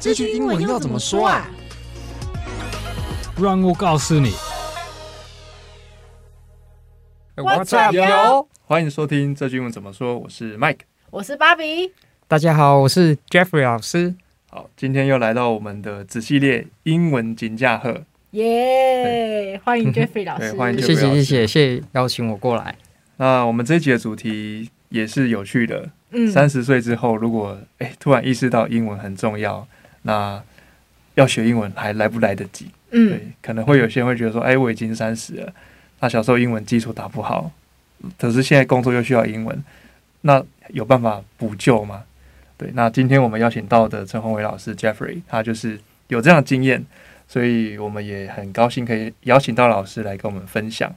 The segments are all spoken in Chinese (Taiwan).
這句英文要怎麼說啊？說啊讓我告訴你。What's up, yo？歡迎收聽這句英文怎麼說。我是 Mike，我是芭比。大家好，我是 Jeffrey 老師。好，今天又來到我們的子系列英文金架厚。耶！歡迎 Jeffrey 老師，歡迎 Jeffrey 老師。謝謝謝謝謝謝邀請我過來。那我們這一集的主題也是有趣的。嗯，三十歲之後，如果哎突然意識到英文很重要。那要學英文還來不來得及？嗯，對，可能會有些人會覺得說，哎，我已經三十了。那小時候英文基礎打不好，可是現在工作又需要英文，那有辦法補救嗎？對，那今天我們邀請到的陳宏偉老師 Jeffrey，他就是有這樣的經驗，所以我們也很高興可以邀請到老師來跟我們分享。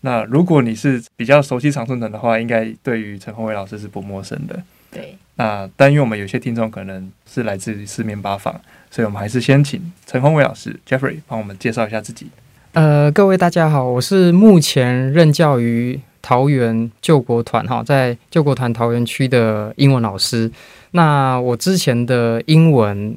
那如果你是比較熟悉長春藤的的話，應該對於陳宏偉老師是不陌生的。對。那、呃，但因為我們有些聽眾可能是來自於四面八方，所以我們還是先請陳宏偉老師 Jeffrey 幫我們介紹一下自己。呃，各位大家好，我是目前任教於桃園救國團哈，在救國團桃園區的英文老師。那我之前的英文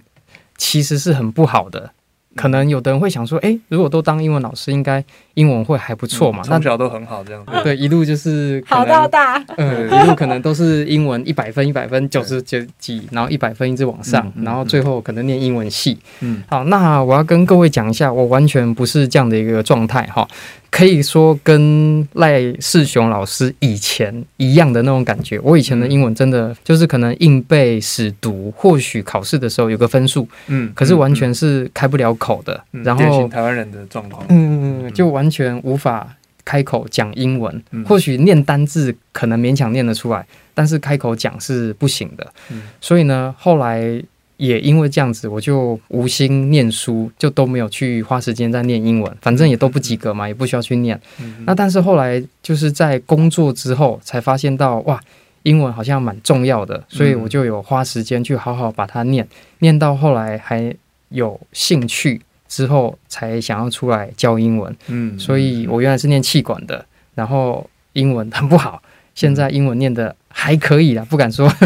其實是很不好的。可能有的人會想說，哎，如果都當英文老師，應該英文會還不錯嘛？嗯、從小都很好，這樣對，對，一路就是好到大，大，嗯、呃，一路可能都是英文一百分，一百分，九十九幾，對然後一百分一直往上，嗯嗯、然後最後可能念英文系。嗯，好，那我要跟各位講一下，我完全不是這樣的一個狀態哈。可以說跟賴世雄老師以前一樣的那種感覺。我以前的英文真的就是可能硬背死讀，或許考試的時候有個分數，嗯、可是完全是開不了口的。嗯、然後，嗯、典型台灣人的狀況，嗯，就完全無法開口講英文。嗯、或許念單字可能勉強念得出來，但是開口講是不行的。嗯、所以呢，後來。也因為這樣子，我就無心念書，就都沒有去花時間在念英文，反正也都不及格嘛，也不需要去念。嗯、哼那但是後來就是在工作之後，才發現到哇，英文好像蠻重要的，所以我就有花時間去好好把它念，嗯、念到後來還有興趣之後，才想要出來教英文。嗯，所以我原來是念企管的，然後英文很不好，現在英文念的。還可以啦，不敢說。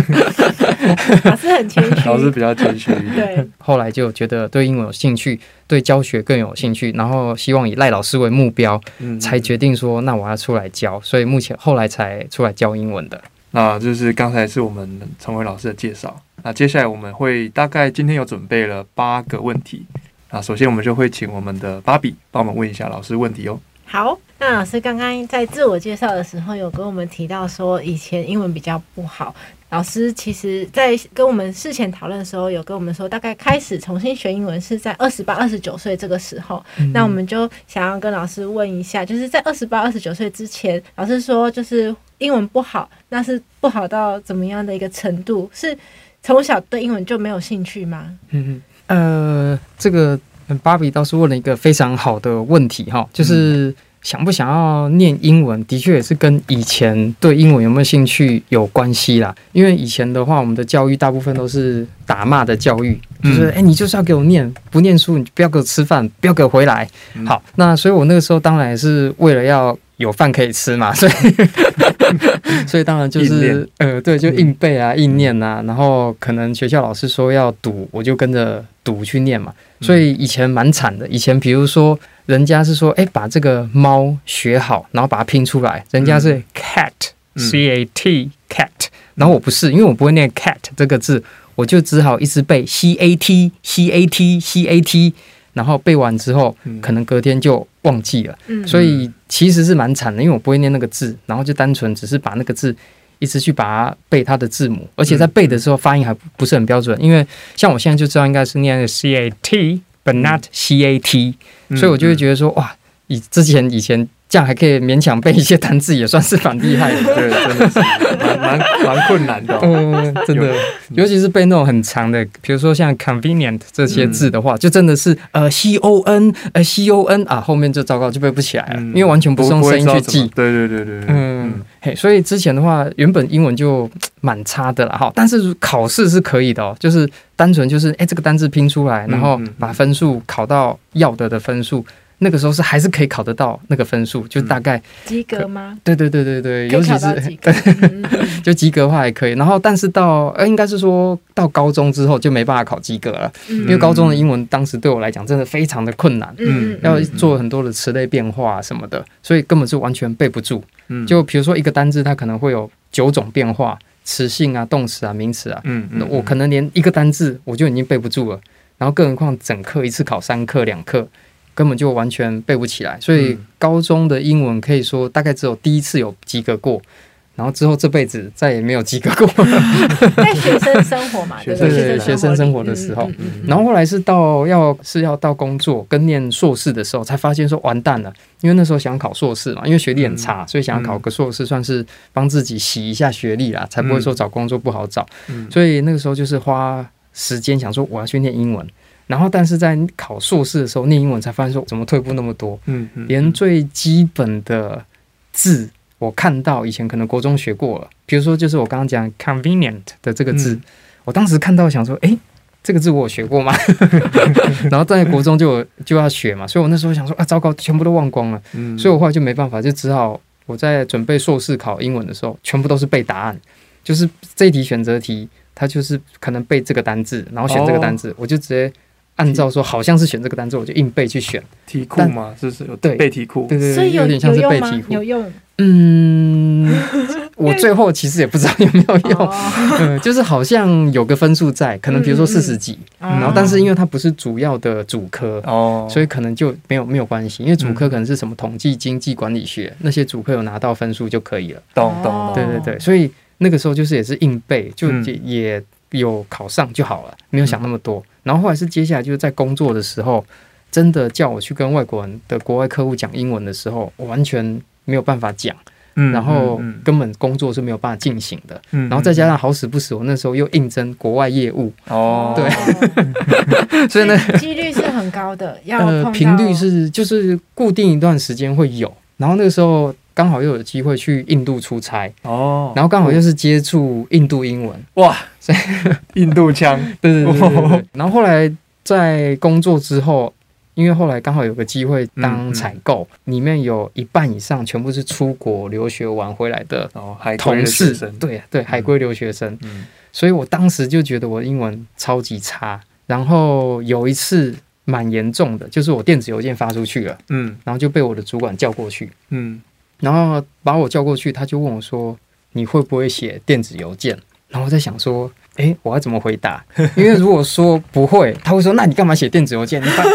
老師很謙虛，老師比較謙虛。 對，後來就覺得對英文有興趣，對教學更有興趣，然後希望以賴老師為目標，嗯、才決定說那我要出來教，所以目前後來才出來教英文的。那這是剛才是我們陳偉老師的介紹，那接下來我們會大概今天有準備了八個問題啊，那首先我們就會請我們的芭比幫我們問一下老師問題哦。好。那老師剛剛在自我介紹的時候有跟我們提到說以前英文比較不好。老師其實，在跟我們事前討論的時候有跟我們說，大概開始重新學英文是在二十八、二十九歲這個時候。嗯、那我們就想要跟老師問一下，就是在二十八、二十九歲之前，老師說就是英文不好，那是不好到怎麼樣的一個程度？是從小對英文就沒有興趣嗎？嗯嗯，呃，這個芭比倒是問了一個非常好的問題哈，就是。嗯想不想要念英文，的確也是跟以前對英文有沒有興趣有關係啦。因為以前的話，我們的教育大部分都是打罵的教育，嗯、就是哎、欸，你就是要給我念，不念書你就不要給我吃飯，不要給我回來。嗯、好，那所以我那個時候當然也是為了要有飯可以吃嘛，所以。 所以當然就是念呃，對，就硬背啊，硬念啊，然後可能學校老師說要讀，我就跟着讀去念嘛。所以以前蠻慘的。以前比如說，人家是說，哎、欸，把這個貓學好，然後把它拼出來，人家是 cat，c、嗯、a t cat，、嗯、然後我不是，因為我不會念 cat 這個字，我就只好一直背 c a t c a t c a t。然後背完之後，嗯、可能隔天就忘記了，嗯、所以其實是蠻慘的，因為我不會念那個字，然後就單純只是把那個字一直去把它背它的字母，而且在背的時候、嗯、發音還不是很標準，因為像我現在就知道應該是念那個 cat，but、嗯、not cat，所以我就會覺得說哇，以之前以前。這樣還可以勉強背一些單字，也算是蠻厲害的。 對，真的是蠻蠻蠻困難的、哦。 嗯，真的，尤其是背那種很長的，比如說像 convenient 這些字的話，嗯、就真的是呃 c o n 呃 c o n 啊，後面就糟糕，就背不起來了，嗯、因為完全不用聲音去記。對對對對。嗯，嗯嘿，所以之前的話，原本英文就蠻差的了哈，但是考試是可以的哦，就是單純就是哎、欸、這個單字拼出來，然後把分數考到要得的，的分數。嗯嗯嗯那個時候是還是可以考得到那個分數，就大概及格嗎？對對對對對，尤其是就及格的話還可以。然後，但是到呃，應該是說到高中之後就沒辦法考及格了，因為高中的英文當時對我來講真的非常的困難。嗯，要做很多的詞類變化什麼的，所以根本是完全背不住。嗯，就比如說一個單字，它可能會有九種變化，詞性啊、動詞啊、名詞啊。嗯嗯，我可能連一個單字我就已經背不住了。然後，更何況整課一次考三課、兩課。根本就完全背不起來，所以高中的英文可以說大概只有第一次有及格過，嗯、然後之後這輩子再也沒有及格過。在、嗯 欸、學生生活嘛，對學生學生生活的時候，嗯嗯嗯、然後後來是到要是要到工作跟念碩士的時候，才發現說完蛋了，因為那時候想考碩士嘛，因為學歷很差，嗯、所以想考個碩士算是幫自己洗一下學歷啦，嗯、才不會說找工作不好找。嗯嗯、所以那個時候就是花時間想說我要去念英文。然後，但是在考碩士的時候，念英文才發現說怎麼退步那麼多？嗯，嗯，嗯。連最基本的字，我看到以前可能國中學過了。比如說，就是我剛剛講 convenient 的這個字，嗯、我當時看到想說，誒，這個字我有學過嗎？ 然後在國中就就要學嘛，所以我那時候想說啊，糟糕，全部都忘光了。所以我後來就沒辦法，就只好我在準備碩士考英文的時候，全部都是背答案，就是這一題選擇題，它就是可能背這個單字，然後選這個單字，哦、我就直接。按照說好像是選這個單字，我就硬背去選題庫嘛，但是不是對背題庫，對對對，所以有點像是背題庫，有用。嗯， 我最後其實也不知道有沒有用， 嗯、就是好像有個分數在，可能比如說四十幾，嗯嗯、然後但是因為它不是主要的主科哦，嗯、所以可能就沒有沒有關係，因為主科可能是什麼統計、經濟、管理學、嗯、那些主科有拿到分數就可以了。懂懂、哦，對對對，所以那個時候就是也是硬背，就也。嗯有考上就好了，沒有想那麼多。嗯、然後後來是接下來就是在工作的時候，真的叫我去跟外國人的國外客戶講英文的時候，我完全沒有辦法講。嗯，然後根本工作是沒有辦法進行的。嗯，然後再加上好死不死，我那時候又應徵國外業務。哦，對， 所以呢，機率是很高的。要頻、呃、率是就是固定一段時間會有。然後那個時候剛好又有機會去印度出差。哦，然後剛好又是接觸印度英文。嗯、哇！ 印度腔，對對對、對。然後後來在工作之後，因為後來剛好有個機會當採購，裡面有一半以上全部是出國留學完回來的同事，對對，海歸留學生。所以我當時就覺得我英文超級差。然後有一次蠻嚴重的，就是我電子郵件發出去了，嗯，然後就被我的主管叫過去，嗯，然後把我叫過去，他就問我說：“你會不會寫電子郵件？”然後我在想說，哎，我要怎麼回答？因為如果說不會，他會說，那你幹嘛寫電子郵件？你發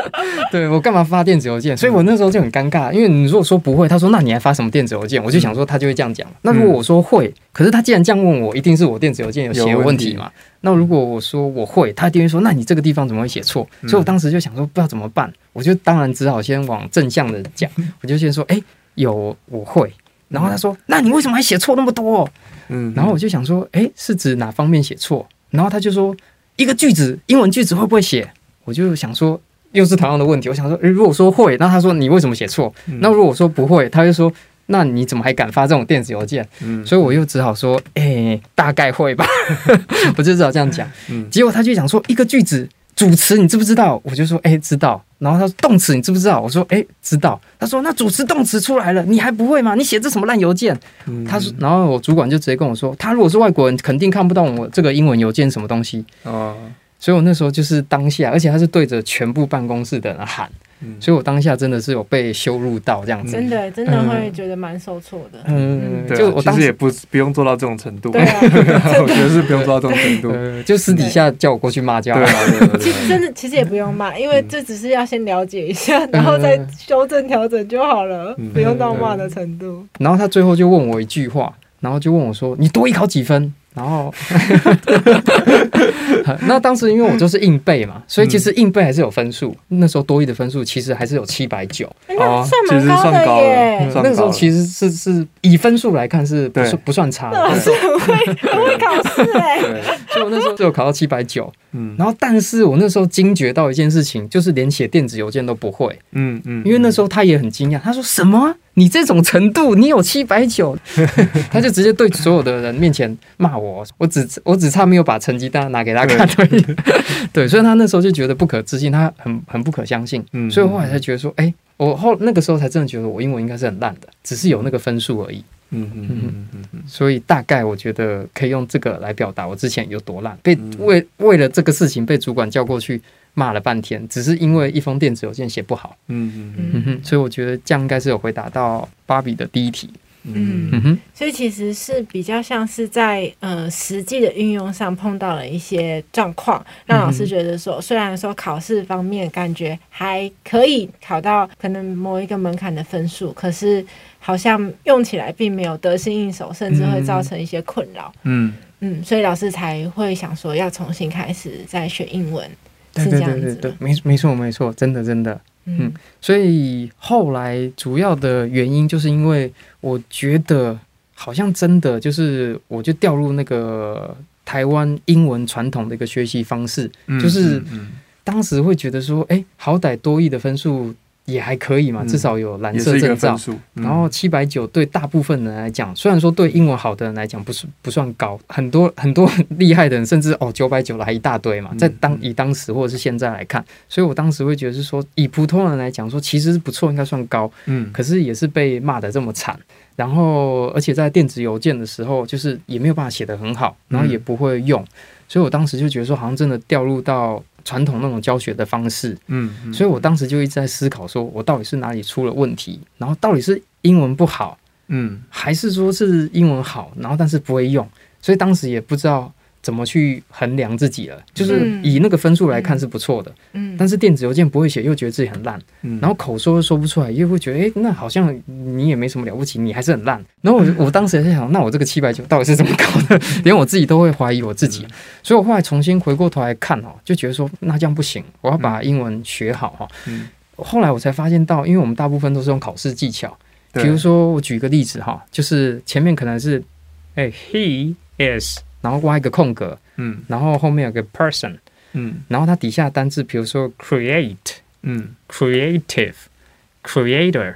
對我幹嘛發電子郵件？所以我那時候就很尷尬。因為你如果說不會，他說，那你還發什麼電子郵件？我就想說他就會這樣講。那如果我說會，可是他既然這樣問我，一定是我電子郵件有寫問題嘛，題。那如果我說我會，他一定會說，那你這個地方怎麼會寫錯？所以我當時就想說不知道怎麼辦，我就當然只好先往正向的講，我就先說，哎，有我會。然後他說：“嗯、那你為什麼還寫錯那麼多？”嗯，然後我就想說：“哎，是指哪方面寫錯？”然後他就說：“一個句子，英文句子會不會寫？”我就想說：“又是同樣的問題。”我想說：“誒，如果說會，那他說你為什麼寫錯？嗯、那如果說不會，他就說：‘那你怎麼還敢發這種電子郵件？’”嗯，所以我又只好說：“哎，大概會吧。 ”我就只好這樣講。嗯，結果他就想說：“一個句子。”主詞，你知不知道？我就說哎、欸，知道。然後他說動詞，你知不知道？我說哎、欸，知道。他說，那主詞動詞出來了，你還不會嗎？你寫這什麼爛郵件？嗯、他說，然後我主管就直接跟我說，他如果是外國人，肯定看不懂我這個英文郵件什麼東西。哦，所以我那時候就是當下，而且他是對着全部辦公室的人、啊、喊。所以，我當下真的是有被羞辱到這樣子，嗯、真的真的會覺得蠻受挫的。嗯，嗯就我當時也不不用做到這種程度，對啊、 我覺得是不用做到這種程度。就私底下叫我過去罵就好了，其實真的其實也不用罵，因為這只是要先了解一下，然後再修正調整就好了，嗯、不用到罵的程度。然後他最後就問我一句話，然後就問我說：“你多益考幾分？”然後， 那當時因為我就是硬背嘛，所以其實硬背還是有分數。那時候多益的分數其實還是有七百九，啊、欸，算高了，嗯。那時候其實是是以分數來看是不算對不算差的，對，很會很會考試哎，欸。 所以我那時候就考到七百九，然後但是我那時候驚覺到一件事情，就是連寫電子郵件都不會，嗯嗯、因為那時候他也很驚訝，他說什麼？你這種程度，你有七百九。 他就直接對所有的人面前罵我，我只我只差沒有把成績單拿給他看而已， 對，所以他那時候就覺得不可置信，他很很不可相信，所以後來才覺得說，哎、欸，我後那個時候才真的覺得我英文應該是很爛的，只是有那個分數而已，嗯嗯嗯嗯嗯，所以大概我覺得可以用這個來表達我之前有多爛，被為為了這個事情被主管叫過去。罵了半天，只是因為一封電子郵件寫不好。嗯嗯哼，所以我覺得這樣應該是有回答到芭比的第一題。嗯，嗯哼，所以其實是比較像是在呃實際的運用上碰到了一些狀況，讓老師覺得說，嗯哼，雖然說考試方面感覺還可以考到可能某一個門檻的分數，可是好像用起來並沒有得心應手，甚至會造成一些困擾。嗯嗯，所以老師才會想說要重新開始再學英文。對對對對對，對對對，沒沒錯沒錯，真的真的，嗯，嗯，所以後來主要的原因就是因為我覺得好像真的就是我就掉入那個台灣英文傳統的一個學習方式，嗯、就是當時會覺得說，哎、欸，好歹多益的分數。也還可以嘛，至少有藍色證照。嗯個嗯、然後七百九對大部分人來講，嗯、雖然說對英文好的人來講不是不算高，很多很多厲害的人甚至哦九百九了還一大堆嘛。在當以當時或者是現在來看，嗯、所以我當時會覺得是說以普通人來講說其實是不錯，應該算高。嗯，可是也是被罵得這麼慘，然後而且在電子郵件的時候就是也沒有辦法寫得很好，然後也不會用，嗯、所以我當時就覺得說好像真的掉入到。傳統那種教學的方式，嗯，嗯，所以我當時就一直在思考，說我到底是哪裡出了問題，然後到底是英文不好，嗯，還是說是英文好，然後但是不會用，所以當時也不知道。怎麼去衡量自己了？就是以那個分數來看是不錯的，嗯，但是電子郵件不會寫，又覺得自己很爛，嗯、然後口說說不出來，又會覺得，哎，那好像你也沒什麼了不起，你還是很爛。然後我我當時也在想， 那我這個七百九到底是怎麼搞的？連我自己都會懷疑我自己。嗯、所以我後來重新回過頭來看哦，就覺得說那這樣不行，我要把英文學好哈。嗯、後來我才發現到，因為我們大部分都是用考試技巧，比如說我舉個例子哈，就是前面可能是，哎對、Hey,，He is。然後挖一個空格，嗯，然後後面有個 person，嗯，然後它底下單字，比如說 create，嗯，creative，creator，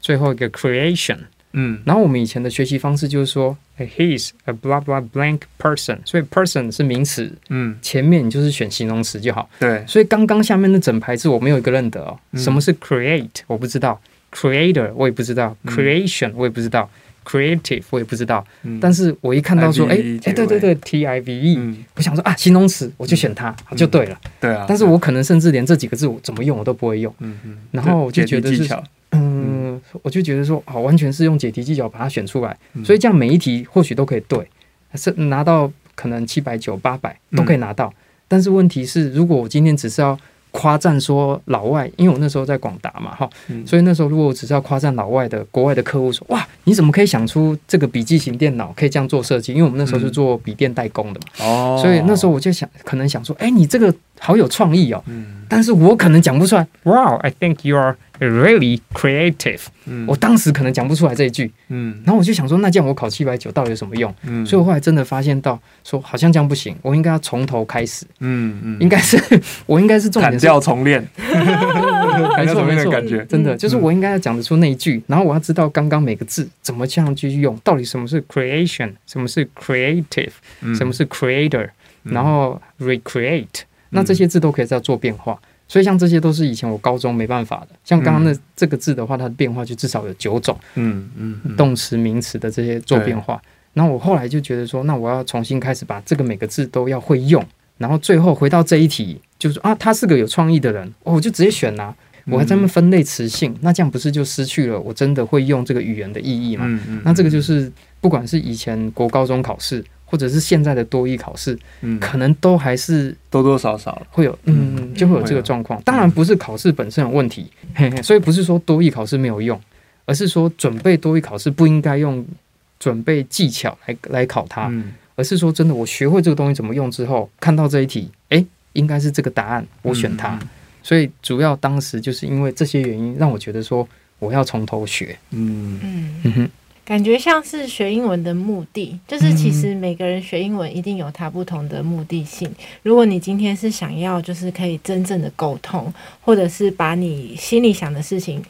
最後一個 creation，嗯，然後我們以前的學習方式就是說，he's a blah blah blank person，所以 person 是名詞，嗯，前面就是選形容詞就好，對，所以剛剛下面的整排字我沒有一個認得哦，什麼是 create 我不知道，creator 我也不知道，creation 我也不知道。Creative，我也不知道，但是我一看到說，哎誒，對對對，T I V E，我想說啊，形容詞，我就選它就對了。對啊，但是我可能甚至連這幾個字我怎麼用我都不會用。嗯，然後我就覺得技巧，嗯，我就覺得說，哦，完全是用解題技巧把它選出來，所以這樣每一題或許都可以對，是拿到可能七百九八百都可以拿到，但是問題是，如果我今天只是要。誇讚說老外，因為我那時候在廣達嘛，哈、嗯，所以那時候如果我只是要誇讚老外的國外的客戶說，哇，你怎麼可以想出這個筆記型電腦可以這樣做設計？因為我們那時候是做筆電代工的嘛，哦、嗯，所以那時候我就想，可能想說，哎、欸，你這個好有創意哦，嗯。但是我可能講不出來。Wow, I think you are really creative。嗯，我當時可能講不出來這一句。嗯，然後我就想說，那這樣我考七百九到底有什麼用？嗯，所以我後來真的發現到，說好像這樣不行，我應該要從頭開始。嗯嗯，嗯應該是我應該是重點是砍掉重練。沒錯沒錯， 感覺真的就是我應該要講得出那一句，然後我要知道剛剛每個字怎麼這樣去用，到底什麼是 creation，什麼是 creative，、嗯、什麼是 creator，然後 recreate。那這些字都可以再做變化，嗯、所以像這些都是以前我高中沒辦法的。像剛剛那這個字的話，它的變化就至少有九種。嗯嗯，動詞、名詞的這些做變化。那、嗯嗯嗯、我後來就覺得說，那我要重新開始把這個每個字都要會用。然後最後回到這一題，就是啊，他是個有創意的人哦，我就直接選啦、啊。我還在那分類詞性，嗯、那這樣不是就失去了我真的會用這個語言的意義嗎？嗯嗯、那這個就是不管是以前國高中考試。或者是現在的多益考試，嗯，可能都還是多多少少會有，嗯，就會有這個狀況。嗯、當然不是考試本身有問題、嗯嘿嘿，所以不是說多益考試沒有用，而是說準備多益考試不應該用準備技巧來來考它，嗯、而是說真的，我學會這個東西怎麼用之後，看到這一題，誒、欸，應該是這個答案，我選它。嗯、所以主要當時就是因為這些原因，讓我覺得說我要從頭學，嗯嗯嗯哼。感覺像是學英文的目的，就是其實每個人學英文一定有他不同的目的性。如果你今天是想要，就是可以真正的溝通，或者是把你心裡想的事情。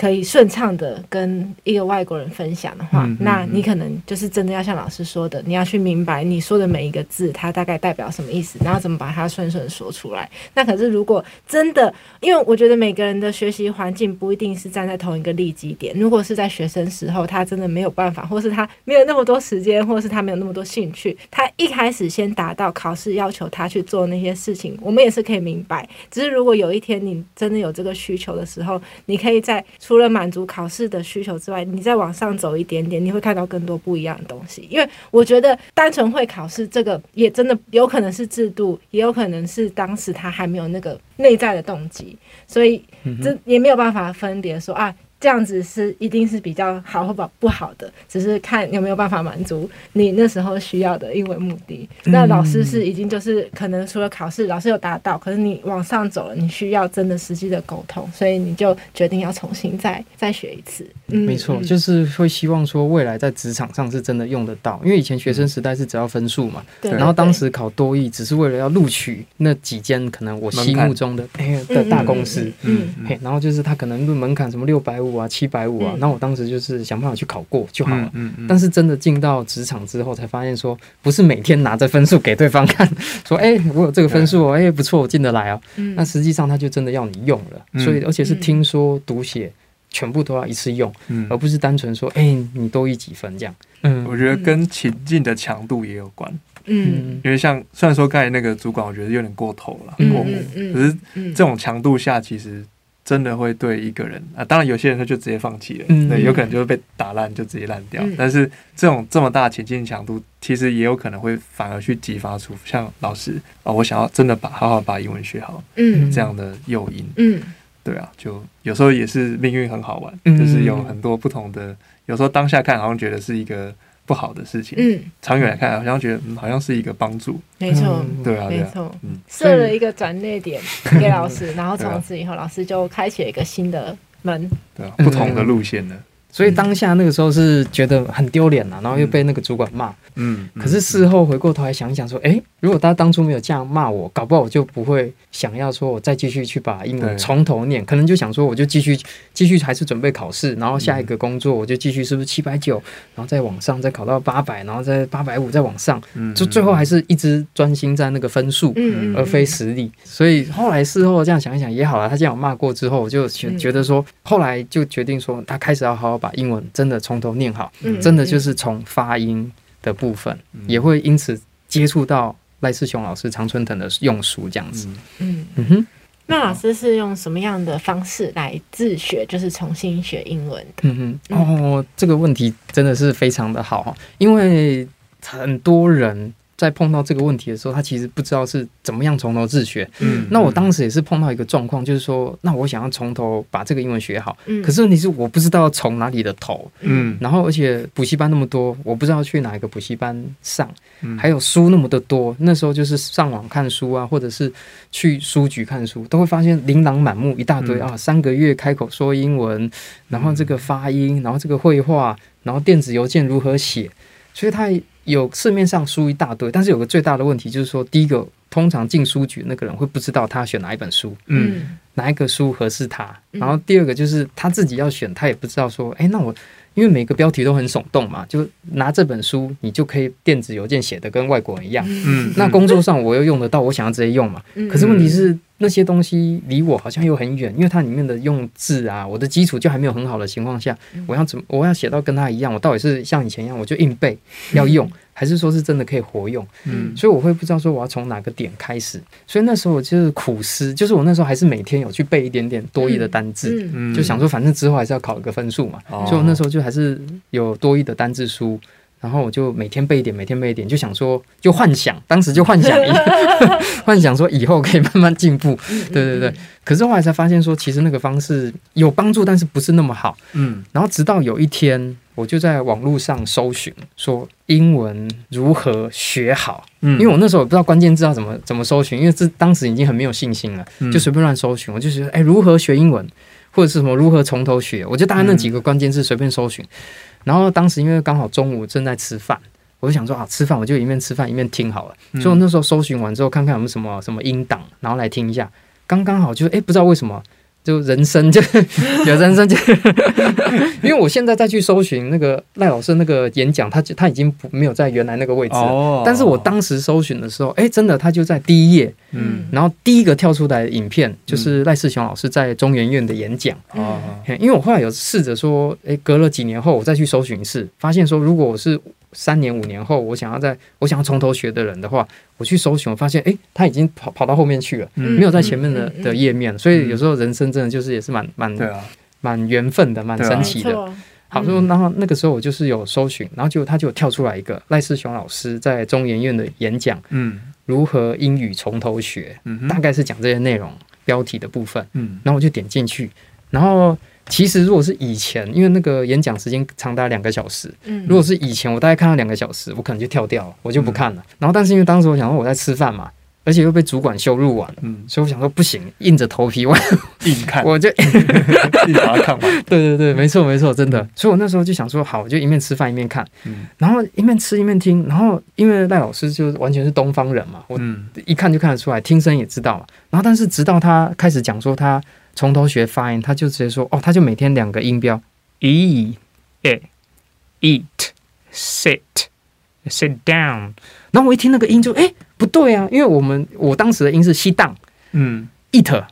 可以順暢的跟一個外國人分享的話，嗯哼嗯哼，那你可能就是真的要像老師說的，你要去明白你說的每一個字，它大概代表什麼意思，然後怎麼把它順順說出來。那可是如果真的，因為我覺得每個人的學習環境不一定是站在同一個利基點。如果是在學生時候，他真的沒有辦法，或是他沒有那麼多時間，或是他沒有那麼多興趣，他一開始先達到考試要求，他去做那些事情，我們也是可以明白。只是如果有一天你真的有這個需求的時候，你可以再。除了滿足考試的需求之外，你再往上走一點點，你會看到更多不一樣的東西。因為我覺得單純會考試這個，也真的有可能是制度，也有可能是當時他還沒有那個內在的動機，所以這也沒有辦法分別說啊。這樣子是一定是比較好或不不好的，只是看有沒有辦法滿足你那時候需要的英文目的。那老師是已經就是可能除了考試，嗯、老師有達到，可是你往上走了，你需要真的實際的溝通，所以你就決定要重新再再學一次。嗯、沒錯，就是會希望說未來在職場上是真的用得到，因為以前學生時代是只要分數嘛，嗯、然後當時考多益對對只是為了要錄取那幾間可能我心目中的大公司，然後就是他可能門檻什麼六百五五啊，七百五啊，那我當時就是想辦法去考過就好了。嗯。但是真的進到職場之後，才發現說不是每天拿着分數給對方看，說哎，我有這個分數，哎不錯，我進得來啊。嗯。那實際上他就真的要你用了，所以而且是聽說讀寫全部都要一次用，而不是單純說哎你多一幾分這樣。嗯。我覺得跟情境的強度也有關。嗯。因為像雖然說剛才那個主管我覺得有點過頭了，過目。嗯。可是這種強度下，其實。真的會對一個人啊，當然有些人他就直接放棄了，那、嗯、有可能就會被打爛，就直接爛掉。嗯、但是這種這麼大的前進強度，其實也有可能會反而去激發出像老師啊、哦，我想要真的把好好把英文學好，嗯，這樣的誘因，嗯，對啊，就有時候也是命運很好玩，嗯、就是有很多不同的，有時候當下看好像覺得是一個。不好的事情，嗯，長遠來看，好像覺得，嗯，好像是一個幫助，沒錯，嗯啊，對啊，沒錯錯，設、嗯、了一個轉捩點給老師，以然後從此以後，老師就開啟了一個新的門。 對啊，不同的路線呢。 所以當下那個時候是覺得很丟臉了，然後又被那個主管罵。嗯。可是事後回過頭來想一想，說，哎、欸，如果他當初沒有這樣罵我，搞不好我就不會想要說我再繼續去把英文從頭念，對可能就想說我就繼續繼續還是準備考試，然後下一個工作我就繼續是不是七百九，然後再往上再考到八百，然後再八百五再往上，就最後還是一直專心在那個分數，而非實力。嗯嗯嗯嗯所以後來事後這樣想一想也好了，他這樣罵過之後，我就覺得說，嗯、後來就決定說，他開始要好好。把英文真的從頭念好，嗯、真的就是從發音的部分，嗯、也會因此接觸到賴世雄老師、常春藤的用書這樣子。嗯，嗯哼，那老師是用什麼樣的方式來自學？就是重新學英文的。嗯哼，哦，這個問題真的是非常的好，因為很多人。在碰到這個問題的時候，他其實不知道是怎麼樣從頭自學。嗯，那我當時也是碰到一個狀況，就是說，那我想要從頭把這個英文學好。嗯，可是問題是我不知道從哪裡的頭。嗯，然後而且補習班那麼多，我不知道去哪一個補習班上。嗯，還有書那麼的多，那時候就是上網看書啊，或者是去書局看書，都會發現琳琅滿目一大堆、嗯、啊。三個月開口說英文，然後這個發音，然後這個繪畫，然後電子郵件如何寫，所以他也。有市面上書一大堆，但是有個最大的問題就是說，第一個通常進書局那個人會不知道他選哪一本書，嗯，哪一個書合適他。然後第二個就是他自己要選，他也不知道說，哎、嗯欸，那我因為每個標題都很聳動嘛，就拿這本書你就可以電子郵件寫的跟外國人一樣，嗯，嗯，那工作上我又用得到，我想要直接用嘛，可是問題是。那些東西離我好像又很遠，因為它裡面的用字啊，我的基礎就還沒有很好的情況下，我要怎麼我要寫到跟它一樣？我到底是像以前一樣，我就硬背要用，嗯、還是說是真的可以活用？嗯，所以我會不知道說我要從哪個點開始。所以那時候我就是苦思，就是我那時候還是每天有去背一點點多益的單字，嗯嗯、就想說反正之後還是要考一個分數嘛，所以我那時候就還是有多益的單字書。嗯嗯然後我就每天背一點，每天背一點，就想說，就幻想，當時就幻想，一下 幻想說以後可以慢慢進步，對對對。可是後來才發現說，其實那個方式有幫助，但是不是那麼好。嗯。然後直到有一天，我就在網絡上搜尋說英文如何學好。嗯。因為我那時候我不知道關鍵字要怎麼怎麼搜尋，因為這當時已經很沒有信心了，就隨便亂搜尋。我就覺得，哎，如何學英文，或者是什麼如何從頭學，我就大概那幾個關鍵字隨便搜尋。嗯然後當時因為剛好中午正在吃飯，我就想說啊，吃飯我就一面吃飯一面聽好了。嗯。所以我那時候搜尋完之後，看看有沒有什麼什麼音檔，然後來聽一下。剛剛好就誒，不知道為什麼。就人生就， 有人生就， 因為我現在再去搜尋那個賴老師那個演講，他就他已經不沒有在原來那個位置。但是我當時搜尋的時候，哎，真的他就在第一頁。嗯。然後第一個跳出來的影片就是賴世雄老師在中研院的演講。因為我後來有試着說，哎，隔了幾年後我再去搜尋一次，發現說如果我是。三年五年後，我想要在，我想要從頭學的人的話，我去搜尋，發現，誒，他已經跑跑到後面去了，沒有在前面的的頁面，所以有時候人生真的就是也是蠻蠻蠻緣分的，蠻神奇的。好，所以然後那個時候我就是有搜尋，然後結果他就跳出來一個賴世雄老師在中研院的演講，嗯，如何英語從頭學，大概是講這些內容標題的部分，嗯，然後我就點進去，然後。其實，如果是以前，因為那個演講時間長達兩個小時，嗯、如果是以前，我大概看了兩個小時，我可能就跳掉了，我就不看了。嗯、然後，但是因為當時我想說我在吃飯嘛，而且又被主管羞辱完了，嗯，所以我想說不行，硬着頭皮完，我硬看，我就一把、嗯、 看完。對對對，沒錯沒錯，真的。嗯、所以，我那時候就想說，好，我就一面吃飯一面看，嗯，然後一面吃一面聽。然後，因為賴老師就完全是東方人嘛，我一看就看得出來，聽聲也知道嘛。嗯、然後，但是直到他開始講說他。從頭學發音，他就直接說哦，他就每天兩個音標，e a、e, eat sit sit down。然後我一聽那個音就哎、欸、不對啊，因為我們我當時的音是 sit down，嗯，eat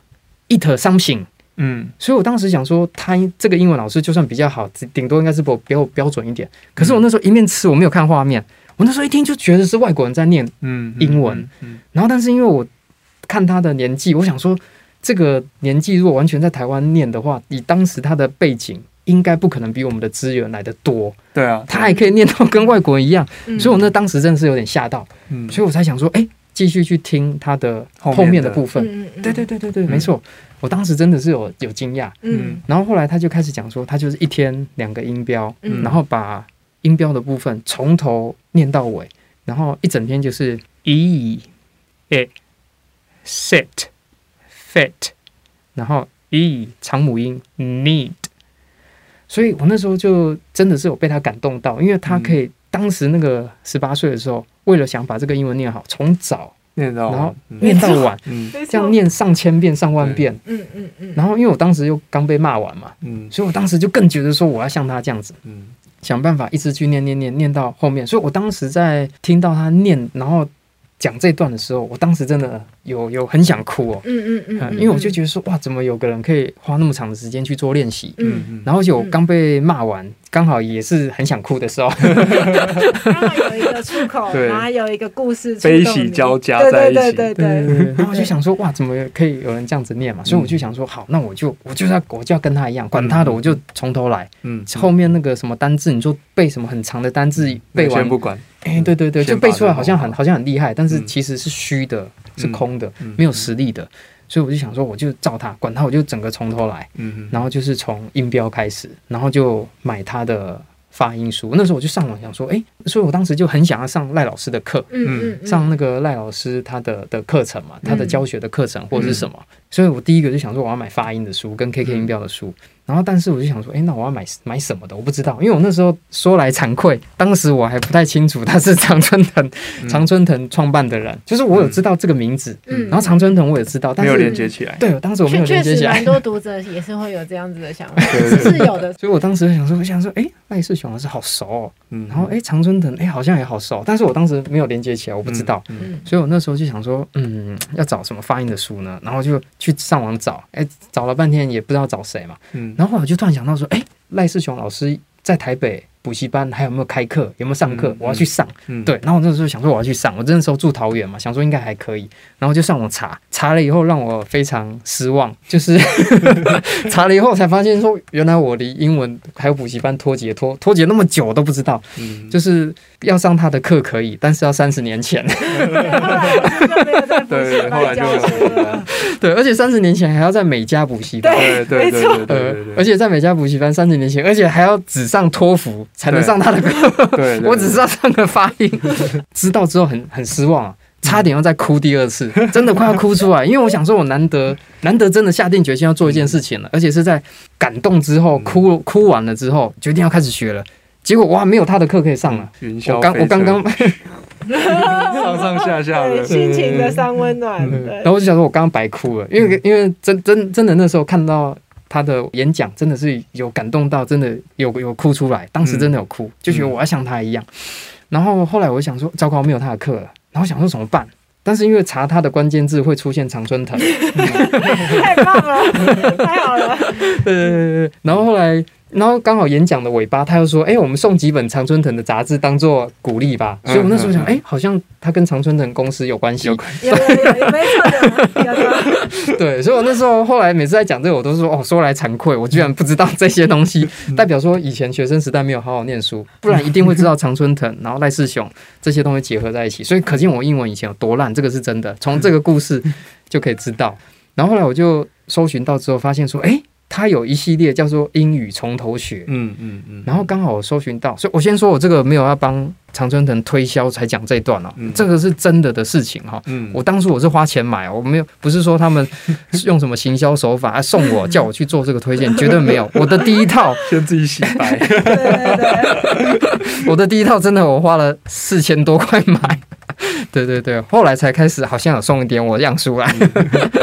eat something，嗯，所以我當時想說他這個英文老師就算比較好，頂多應該是比我標準一點。可是我那時候一面吃我沒有看畫面，我那時候一聽就覺得是外國人在念英文，嗯嗯嗯嗯、然後但是因為我看他的年紀，我想說。這個年紀，如果完全在台灣念的話，以當時他的背景應該不可能比我們的資源來得多。對啊，他還可以念到跟外國人一樣，所以我那當時真的是有點嚇到，所以我才想說，哎，繼續去聽他的後面的部分。對對對對對，沒錯，我當時真的是有有驚訝。嗯，然後後來他就開始講說，他就是一天兩個音標，然後把音標的部分從頭念到尾，然後一整天就是 e，a，sit。Fit，然後 e 長母音 need，所以我那時候就真的是有被他感動到，因為他可以當時那個十八歲的時候，嗯、為了想把這個英文念好，從早念到，嗯、然後念到晚，嗯、這樣念上千遍、上萬遍，嗯、然後因為我當時又剛被罵完嘛，嗯、所以我當時就更覺得說我要像他這樣子，嗯、想辦法一直去念念念念到後面。所以我當時在聽到他念，然後。講這段的時候，我當時真的有有很想哭哦，嗯嗯嗯，因為我就覺得說，哇，怎麼有個人可以花那麼長的時間去做練習，然後就剛被罵完，剛好也是很想哭的時候，哈剛好有一個出口，對，然後有一個故事，悲喜交加在一起，對對對，然後我就想說，哇，怎麼可以有人這樣子念嘛？所以我就想說，好，那我就我就要我就要跟他一樣，管他的，我就從頭來，嗯，後面那個什麼單字，你就背什麼很長的單字背完不管。哎，對對對，就背出來好像很好像很厲害，但是其實是虛的，是空的，沒有實力的，所以我就想說，我就照他，管他，我就整個從頭來，嗯，然後就是從音標開始，然後就買他的發音書。那時候我就上網想說，哎，所以我當時就很想要上賴老師的課，嗯，上那個賴老師他的的課程嘛，他的教學的課程或者是什麼，所以我第一個就想說，我要買發音的書跟 KK 音標的書。然後，但是我就想說，哎，那我要買買什麼的？我不知道，因為我那時候說來慚愧，當時我還不太清楚他是常春藤，常、嗯、春藤創辦的人，就是我有知道這個名字，嗯嗯、然後常春藤我也知道，但是沒有連接起來。嗯、對，當時我沒有連接起來。確、確實，蠻多讀者也是會有這樣子的想法，對是有的。 所以我當時就想說，我想說，哎，賴世雄老師好熟，哦。嗯、然後哎，常春藤哎好像也好熟，但是我當時沒有連接起來，我不知道，嗯嗯、所以我那時候就想說，嗯，要找什麼發音的書呢？然後就去上網找，哎，找了半天也不知道找誰嘛，嗯。然後我就突然想到說，哎、欸，賴世雄老師在台北補習班還有沒有開課？有沒有上課？嗯、我要去上。嗯、對，然後我那時候想說我要去上，我那時候住桃園嘛，想說應該還可以。然後就上網查，查了以後讓我非常失望，就是 查了以後才發現說，原來我離英文還有補習班脫節脫脫節那麼久我都不知道，就是。要上他的課可以，但是要三十年前。 後，對，後來就 對，而且三十年前還要在美加補習班。對，對對對對而且在美加補習班三十年前，而且還要只上托福才能上他的課。對對對，我只知道上個發音。知道 之後很很失望、啊、差點要再哭第二次，真的快要哭出來， 因為我想說，我難得難得真的下定決心要做一件事情了，嗯、而且是在感動之後、嗯、哭哭完了之後，決定要開始學了。結果哇，沒有他的課可以上了。嗯、我剛非常 我剛剛、嗯、 上上下下、哎，心情的三溫暖。嗯、然後我就想說，我剛剛白哭了，因為因為真真真的那時候看到他的演講，真的是有感動到，真的有有哭出來。當時真的有哭，嗯、就覺得我要像他一樣。嗯、然後後來我想說，糟糕，沒有他的課了。然後我想說怎麼辦？但是因為查他的關鍵字會出現常春藤， 太棒了， 太好了。呃， 然後後來。然後剛好演講的尾巴，他又說：“誒，我們送幾本常春藤的雜誌當做鼓勵吧。嗯”所以，我那時候想：“嗯、誒，好像他跟常春藤公司有關係。有”有關係，沒錯 對，所以，我那時候後來每次在講這個，我都是說：“哦，說來慚愧，我居然不知道這些東西。嗯、代表說以前學生時代沒有好好念書，不然一定會知道常春藤， 然後賴世雄這些東西結合在一起。所以，可見我英文以前有多爛，這個是真的。從這個故事就可以知道。然後後來我就搜尋到之後，發現說：“誒他有一系列叫做英語從頭學，嗯嗯嗯，嗯嗯然後剛好我搜尋到，所以我先說我這個沒有要幫常春藤推銷才講這段哦，嗯、這個是真的的事情哈、哦。嗯、我當初我是花錢買、哦，我沒有不是說他們用什麼行銷手法、啊、送我， 叫我去做這個推薦，絕對沒有。我的第一套先自己洗白， 對對對 我的第一套真的我花了四千多塊買。對對對，後來才開始，好像有送一點我樣書來。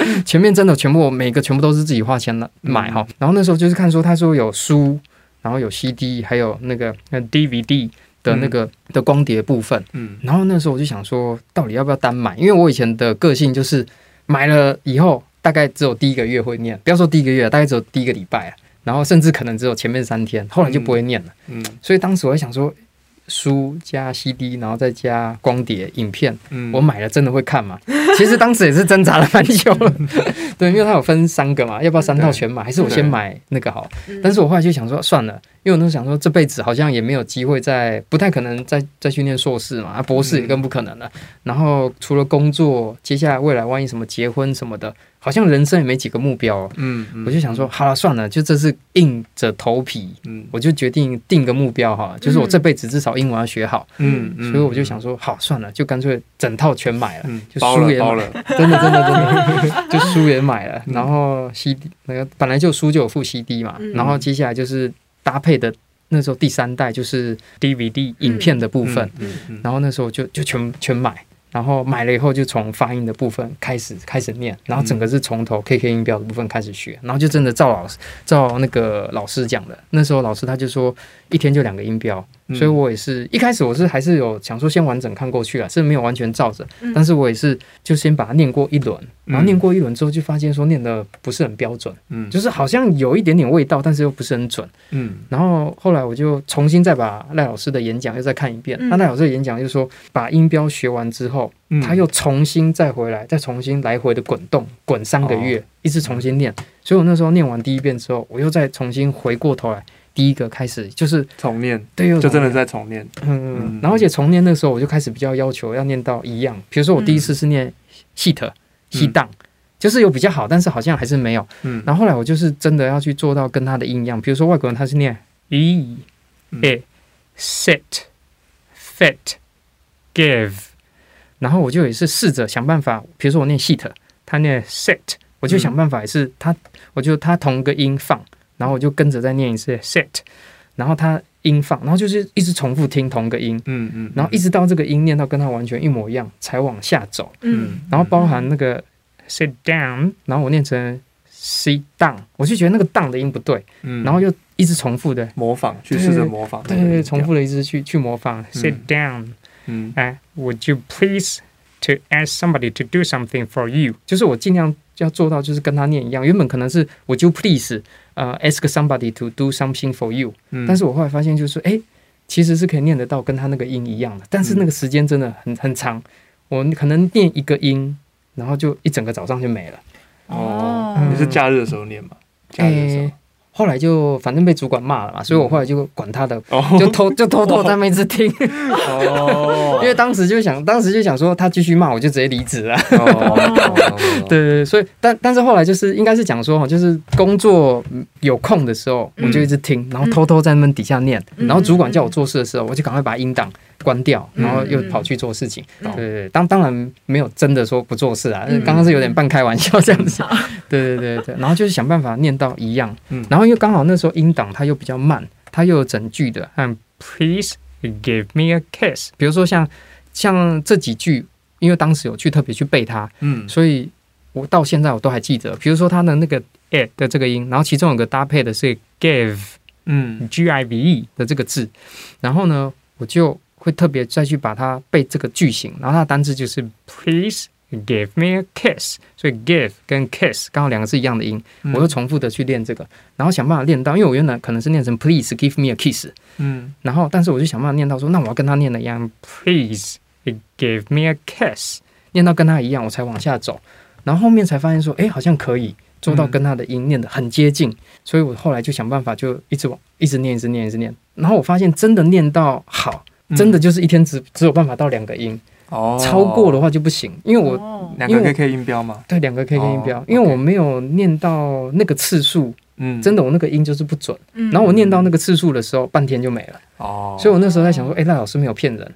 嗯、 前面真的全部我每個全部都是自己花錢的買哈。嗯、然後那時候就是看書，他說有書，然後有 CD，還有那個、嗯、DVD 的那個的光碟部分。嗯嗯、然後那時候我就想說，到底要不要單買？因為我以前的個性就是買了以後，大概只有第一個月會念，不要說第一個月，大概只有第一個禮拜，然後甚至可能只有前面三天，後來就不會念了。嗯。嗯所以當時我就想說。書加 CD，然後再加光碟，影片，嗯、我買了真的會看嗎？其實當時也是掙扎了蠻久了，對，因為它有分三個嘛，要不要三套全買，還是我先買那個好？但是我後來就想說，算了，因為我那時候想說，這輩子好像也沒有機會再，不太可能再再去念碩士嘛，啊，博士也更不可能了。然後除了工作，接下來未來萬一什麼結婚什麼的。好像人生也沒幾個目標，嗯，我就想說，好了，算了，就這是硬着頭皮，嗯，我就決定定個目標哈，就是我這輩子至少英文要學好，嗯，所以我就想說，好，算了，就乾脆整套全買了，就書也包了，真的真的真的，就書也買了，然後 CD，那個本來就書就有附 CD 嘛，然後接下來就是搭配的那時候第三代就是 DVD 影片的部分，嗯，然後那時候我就就全全買，然後買了以後，就從發音的部分開始開始念，然後整個是從頭 KK 音標的部分開始學，嗯、然後就真的照老師照那個老師講的，那時候老師他就說。一天就兩個音標，嗯、所以我也是一開始我是還是有想說先完整看過去了，是沒有完全照着，嗯、但是我也是就先把它念過一輪，然後念過一輪之後就發現說念得不是很標準，嗯、就是好像有一點點味道，但是又不是很準，嗯，然後後來我就重新再把賴老師的演講又再看一遍，嗯、那賴老師的演講就是說把音標學完之後，嗯、他又重新再回來，再重新來回的滾動，滾三個月，哦、一直重新念，所以我那時候念完第一遍之後，我又再重新回過頭來。第一個開始就是重念，對，就真的在重念。嗯，嗯嗯然後而且重念的時候我就開始比較要求要念到一樣，嗯、比如說我第一次是念 sit sit down，就是有比較好，但是好像還是沒有。嗯，然後後來我就是真的要去做到跟他的音一樣，比如說外國人他是念 e a set fit give，然後我就也是試着想辦法，比如說我念 sit，他念 set，我就想辦法也是、嗯、他，我就他同個音放。然後我就跟着再念一次 sit，然後他音放，然後就是一直重複聽同個音，嗯嗯，嗯然後一直到這個音念到跟他完全一模一樣，才往下走，嗯，然後包含那個 sit down，、嗯嗯嗯、然後我念成 sit down，我就覺得那個 down 的音不對，嗯，然後又一直重複的模仿，去試着模仿對對對，對，重複的一直去去模仿 sit down，嗯，嗯哎，Would you please to ask somebody to do something for you？就是我盡量要做到，就是跟他念一樣，原本可能是 Would you please。呃、uh,，ask somebody to do something for you，嗯。但是我後來發現，就是哎、欸，其實是可以念得到跟他那個音一樣的，但是那個時間真的很、嗯、很長。我可能念一個音，然後就一整個早上就沒了。哦、嗯、你是假日的時候念嗎？假日的時候。欸後來就反正被主管罵了嘛，所以我後來就管他的，哦、就偷就偷偷在那邊一直聽，哦、 因為當時就想，當時就想說他繼續罵我就直接離職了，哦、 對對對，所以但但是後來就是應該是講說哈，就是工作有空的時候我就一直聽，嗯、然後偷偷在那邊底下念，嗯、然後主管叫我做事的時候我就趕快把音檔關掉，然後又跑去做事情。對對，當當然沒有真的說不做事啊，剛剛是有點半開玩笑這樣子。對對對對，然後就是想辦法念到一樣。嗯，然後又剛好那時候音檔它又比較慢，它又有整句的，嗯，Please give me a kiss。比如說像像這幾句，因為當時有去特別去背它，嗯，所以我到現在我都還記得，比如說它的那個 “e” 的這個音，然後其中有個搭配的是 “give”，嗯，G-I-V-E 的這個字，然後呢，我就。會特別再去把它背這個句型，然後它的單詞就是 Please give me a kiss，所以 give 跟 kiss 剛好兩個字一樣的音，嗯、我又重複的去練這個，然後想辦法練到，因為我原來可能是念成 Please give me a kiss，嗯，然後但是我就想辦法念到說，那我要跟他念的一樣 Please give me a kiss，念到跟他一樣，我才往下走，然後後面才發現說，哎，好像可以做到跟他的音、嗯、念的很接近，所以我後來就想辦法就一直往一直，一直念，一直念，一直念，然後我發現真的念到好。真的就是一天只、嗯、只有辦法到兩個音，哦、超過的話就不行，因為我兩、哦、個 KK 音標嘛，對，兩個 KK 音標，哦、因為我沒有念到那個次數，嗯、哦，真的我那個音就是不準，嗯、然後我念到那個次數的時候，嗯、半天就沒了。哦，oh. 所以我那時候在想說，誒、欸、賴老師沒有騙人，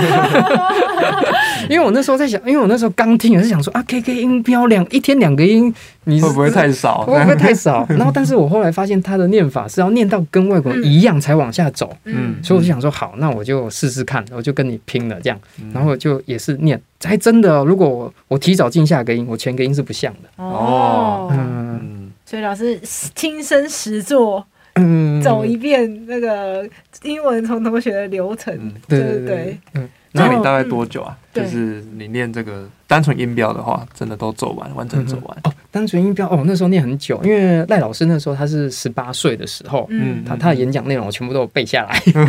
因為我那時候在想，因為我那時候剛聽，也是想說啊，K K 音標兩一天兩個音，你會不會太少？會不會太少？ 然後，但是我後來發現他的念法是要念到跟外國人一樣才往下走，嗯，所以我就想說，好，那我就試試看，我就跟你拼了這樣，然後就也是念，才真的。如果我我提早進下個音，我前個音是不像的哦，oh. 嗯，所以老師聽聲實作。嗯， 走一遍那個英文從頭學的流程，嗯、對對對。對對對，那你大概多久啊？嗯就是你念這個單純音標的話，真的都走完，完整走完、嗯、哦。單純音標哦，那時候念很久，因為賴老師那時候他是十八歲的時候，嗯，他他的演講內容我全部都背下來。嗯、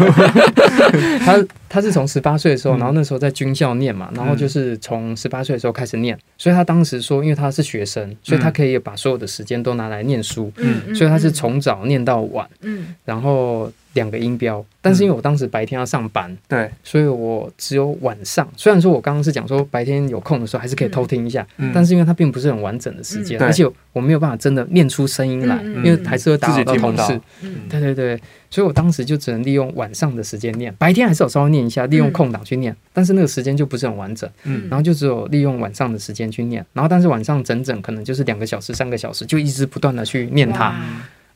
他他是從十八歲的時候，嗯、然後那時候在軍校念嘛，然後就是從十八歲的時候開始念，嗯、所以他當時說，因為他是學生，所以他可以把所有的時間都拿來念書，嗯，所以他是從早念到晚，嗯，然後兩個音標，嗯、但是因為我當時白天要上班，對，所以我只有晚上，雖然說我。我剛剛是講說，白天有空的時候還是可以偷聽一下，嗯、但是因為它並不是很完整的時間，嗯、而且我沒有辦法真的念出聲音來，嗯、因為還是會打擾到同事。嗯、對對對，所以我當時就只能利用晚上的時間念，嗯、白天還是有稍微念一下，利用空檔去念，嗯、但是那個時間就不是很完整。嗯、然後就只有利用晚上的時間去念，然後但是晚上整整可能就是兩個小時、三個小時，就一直不斷的去念它。哇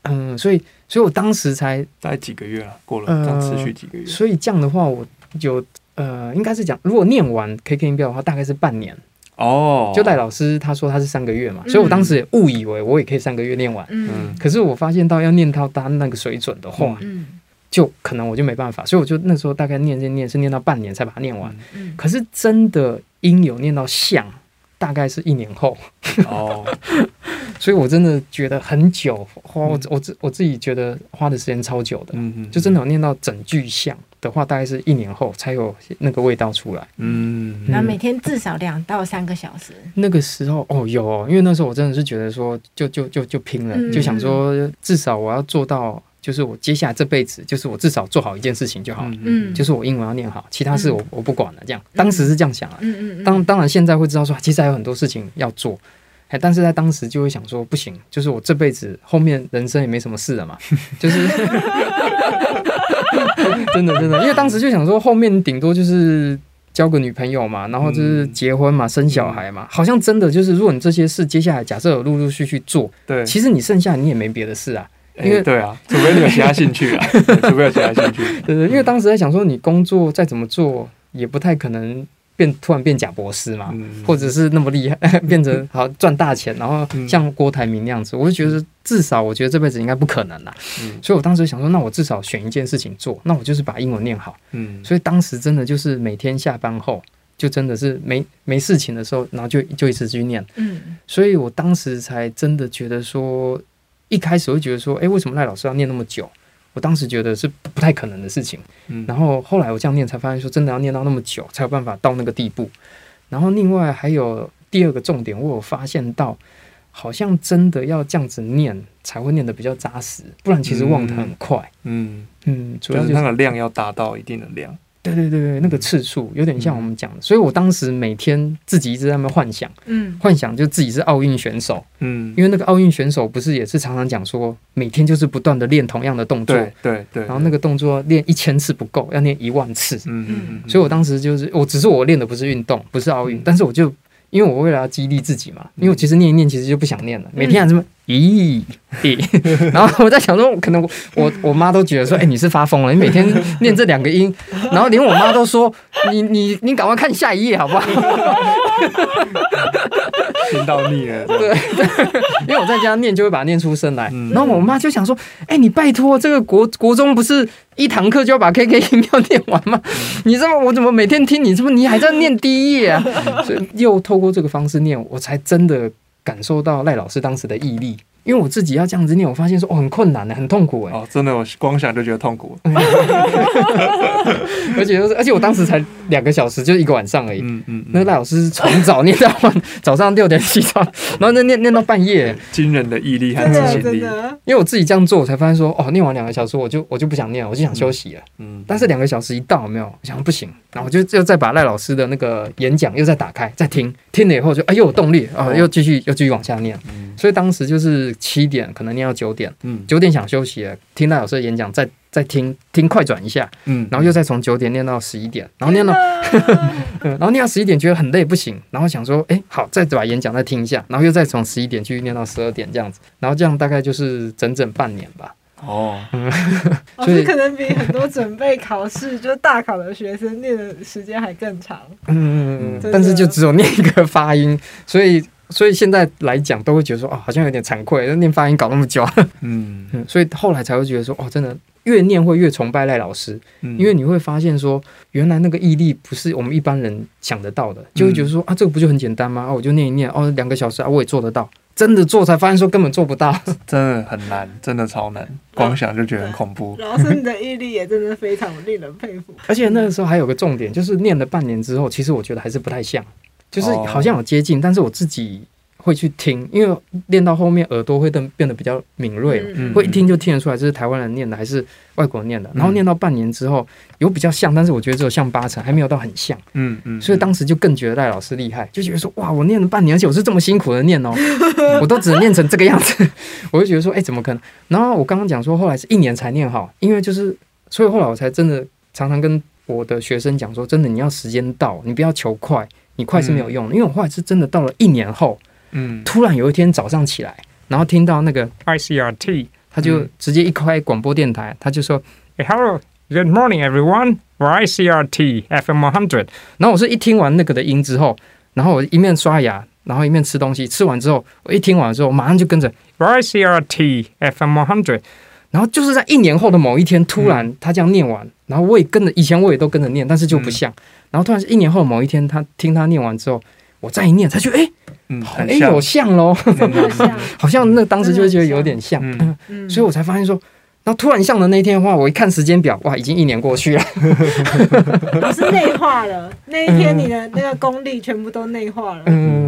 嗯，所以所以我當時才待幾個月了，過了這樣持續幾個月，呃、所以這樣的話我就……呃，應該是講，如果念完 K K 音標的話，大概是半年哦。Oh. 就賴老師他說他是三個月嘛，嗯、所以我當時也誤以為我也可以三個月念完。嗯，可是我發現到要念到他那個水準的話，嗯、嗯，就可能我就沒辦法，所以我就那時候大概念念念是念到半年才把它念完。嗯、可是真的音有念到像。大概是一年後哦，oh. 所以我真的覺得很久，花我我自我自己覺得花的時間超久的，mm hmm. 就真的有念到整句像的話，大概是一年後才有那個味道出來，嗯、mm，那、hmm. 每天至少兩到三個小時，那個時候哦有哦，因為那時候我真的是覺得說，就就就就拼了，mm hmm. 就想說至少我要做到。就是我接下來這輩子，就是我至少做好一件事情就好了。嗯，就是我英文要念好，嗯、其他事我我不管了。這樣，當時是這樣想啊。嗯嗯，嗯，當當然現在會知道說，其實還有很多事情要做，哎，但是在當時就會想說，不行，就是我這輩子後面人生也沒什麼事了嘛。就是 真的真的，因為當時就想說，後面頂多就是交個女朋友嘛，然後就是結婚嘛，生小孩嘛，好像真的就是，如果你這些事接下來假設有陸陸續續，續，續做，對，其實你剩下你也沒別的事啊。因為、欸，對啊，除非你有其他興趣啊，除非有其他興趣啊。對對，對，因為當時在想說，你工作再怎麼做，也不太可能變突然變假博士嘛，或者是那麼厲害，變成好賺大錢，然後像郭台銘那樣子，我就覺得至少我覺得這輩子應該不可能啦。所以我當時想說，那我至少選一件事情做，那我就是把英文念好。所以當時真的就是每天下班後，就真的是沒沒事情的時候，然後就就一直去念。所以我當時才真的覺得說。一開始我會覺得說，誒、欸，為什麼賴老師要念那麼久？我當時覺得是不，不太可能的事情。嗯、然後後來我這樣念，才發現說真的要念到那麼久，才有辦法到那個地步。然後另外還有第二個重點，我有發現到，好像真的要這樣子念才會念得比較紮實，不然其實忘得很快。嗯嗯，主要、嗯，就是那個量要達到一定的量。對對對對，那個次數、嗯、有點像我們講的，所以我當時每天自己一直在那邊幻想，嗯、幻想就自己是奧運選手，嗯，因為那個奧運選手不是也是常常講說，每天就是不斷的練同樣的動作，對對，對對，然後那個動作練一千次不夠，要練一萬次，嗯，嗯，嗯，所以我當時就是，我只是我練的不是運動，不是奧運，嗯、但是我就因為我為了要激勵自己嘛，因為我其實念一念其實就不想念了，每天還這麼。嗯咦咦，然後我在想說，可能我我媽都覺得說，哎、欸，你是發瘋了，你每天念這兩個音，然後連我媽都說，你你你趕快看下一頁好不好？聽到膩了，對，對，因為我在家念就會把它念出聲來，嗯、然後我媽就想說，哎、欸，你拜托，這個國國中不是一堂課就要把 K K 音標念完嗎？你知道我怎麼每天聽你是不是你還在念第一頁啊？所以又透過這個方式念，我才真的。感受到賴老師當時的毅力。因為我自己要這樣子念，我發現說哦很困難呢，很痛苦誒。哦，真的，我光想就覺得痛苦。 而且而且，我當時才兩個小時，就一個晚上而已。嗯嗯。嗯嗯，那個賴老師從早念到晚， 早上六點起床，然後那念念到半夜。驚人的毅力和執行力。真的。因為我自己這樣做，我才發現說哦，念完兩個小時，我就我就不想念了，我就想休息了。嗯。嗯，但是兩個小時一到，沒有，我想不行，然後我就又再把賴老師的那個演講又再打開再聽，聽了以後就哎又有動力啊、呃，又繼續又繼續往下念。嗯、所以當時就是。七點可能念到九點，嗯，九點想休息了，聽到老師的演講，再再聽聽快轉一下，嗯，然後又再從九點念到十一點，然後念到，哪 然後念到十一點覺得很累不行，然後想說，哎、欸，好，再把演講再聽一下，然後又再從十一點繼續念到十二點這樣子，然後這樣大概就是整整半年吧，哦， 以哦，這可能比很多準備考試 就大考的學生念的時間還更長，嗯嗯嗯，嗯的但是就只有念一個發音，所以。所以現在來講，都會覺得說哦，好像有點慚愧，那念發音搞那麼久。嗯，嗯，所以後來才會覺得說，哦，真的越念會越崇拜賴老師，嗯、因為你會發現說，原來那個毅力不是我們一般人想得到的，就會覺得說、嗯、啊，這個不就很簡單嗎？啊，我就念一念，哦，兩個小時啊，我也做得到。真的做才發現說，根本做不到，真的很難，真的超難，光想就覺得很恐怖。老師，老你的毅力也真的非常令人佩服。 而且那個時候還有個重點，就是念了半年之後，其實我覺得還是不太像。就是好像有接近，Oh. 但是我自己會去聽，因為練到後面耳朵會變變得比較敏銳，嗯、會一聽就聽得出來，這是台灣人念的還是外國人念的。嗯、然後念到半年之後有比較像，但是我覺得只有像八成，還沒有到很像。嗯嗯，嗯所以當時就更覺得賴老師厲害，就覺得說哇，我念了半年，而且我是這麼辛苦的念哦， 我都只能念成這個樣子，我就覺得說哎、欸，怎麼可能？然後我剛剛講說，後來是一年才念好，因為就是所以後來我才真的常常跟我的學生講說，真的你要時間到，你不要求快。你快是沒有用的。嗯、因為我後來是真的到了一年後，嗯、突然有一天早上起來，然後聽到那個 I C R T，他就直接一開廣播電台，嗯、他就說 hey,：“Hello, good morning, everyone, I C R T F M one hundred。”然後我是一聽完那個的音之後，然後我一面刷牙，然後一面吃東西，吃完之後，我一聽完之後，我馬上就跟着 I C R T F M one hundred。然後就是在一年後的某一天，突然他這樣念完，嗯、然後我也跟着，以前我也都跟着念，但是就不像。嗯、然後突然是一年後的某一天，他聽他念完之後，我再一念，才覺得誒、嗯、哎，好像有像嘍，好像那當時就覺得有點像，像 所以我才發現說，然後突然像的那一天的話，我一看時間表，哇，已經一年過去了，都 是內化了。那一天你的那個功力全部都內化了。嗯嗯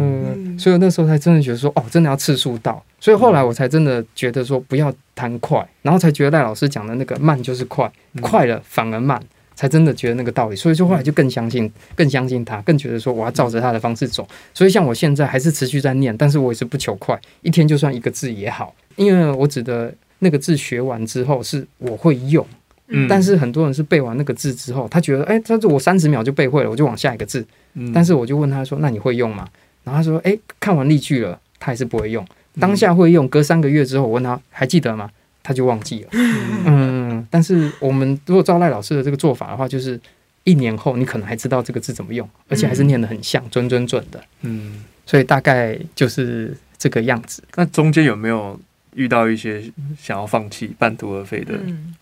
所以那時候才真的覺得說，哦，真的要次數到。所以後來我才真的覺得說，不要貪快，然後才覺得賴老師講的那個慢就是快，嗯、快了反而慢，才真的覺得那個道理。所以就後來就更相信，更相信他，更覺得說我要照着他的方式走。嗯、所以像我現在還是持續在念，但是我也是不求快，一天就算一個字也好，因為我指的那個字學完之後是我會用。嗯。但是很多人是背完那個字之後，他覺得，哎、欸，他我三十秒就背會了，我就往下一個字。嗯。但是我就問他說，那你會用嗎？然後他說：“哎，看完例句了，他還是不會用。當下會用，隔三個月之後我問他還記得嗎？他就忘記了。嗯，嗯，但是我們如果照賴老師的這個做法的話，就是一年後你可能還知道這個字怎麼用，而且還是念得很像，嗯、準準準的。嗯，所以大概就是這個樣子。那中間有沒有遇到一些想要放棄、半途而廢的？嗯，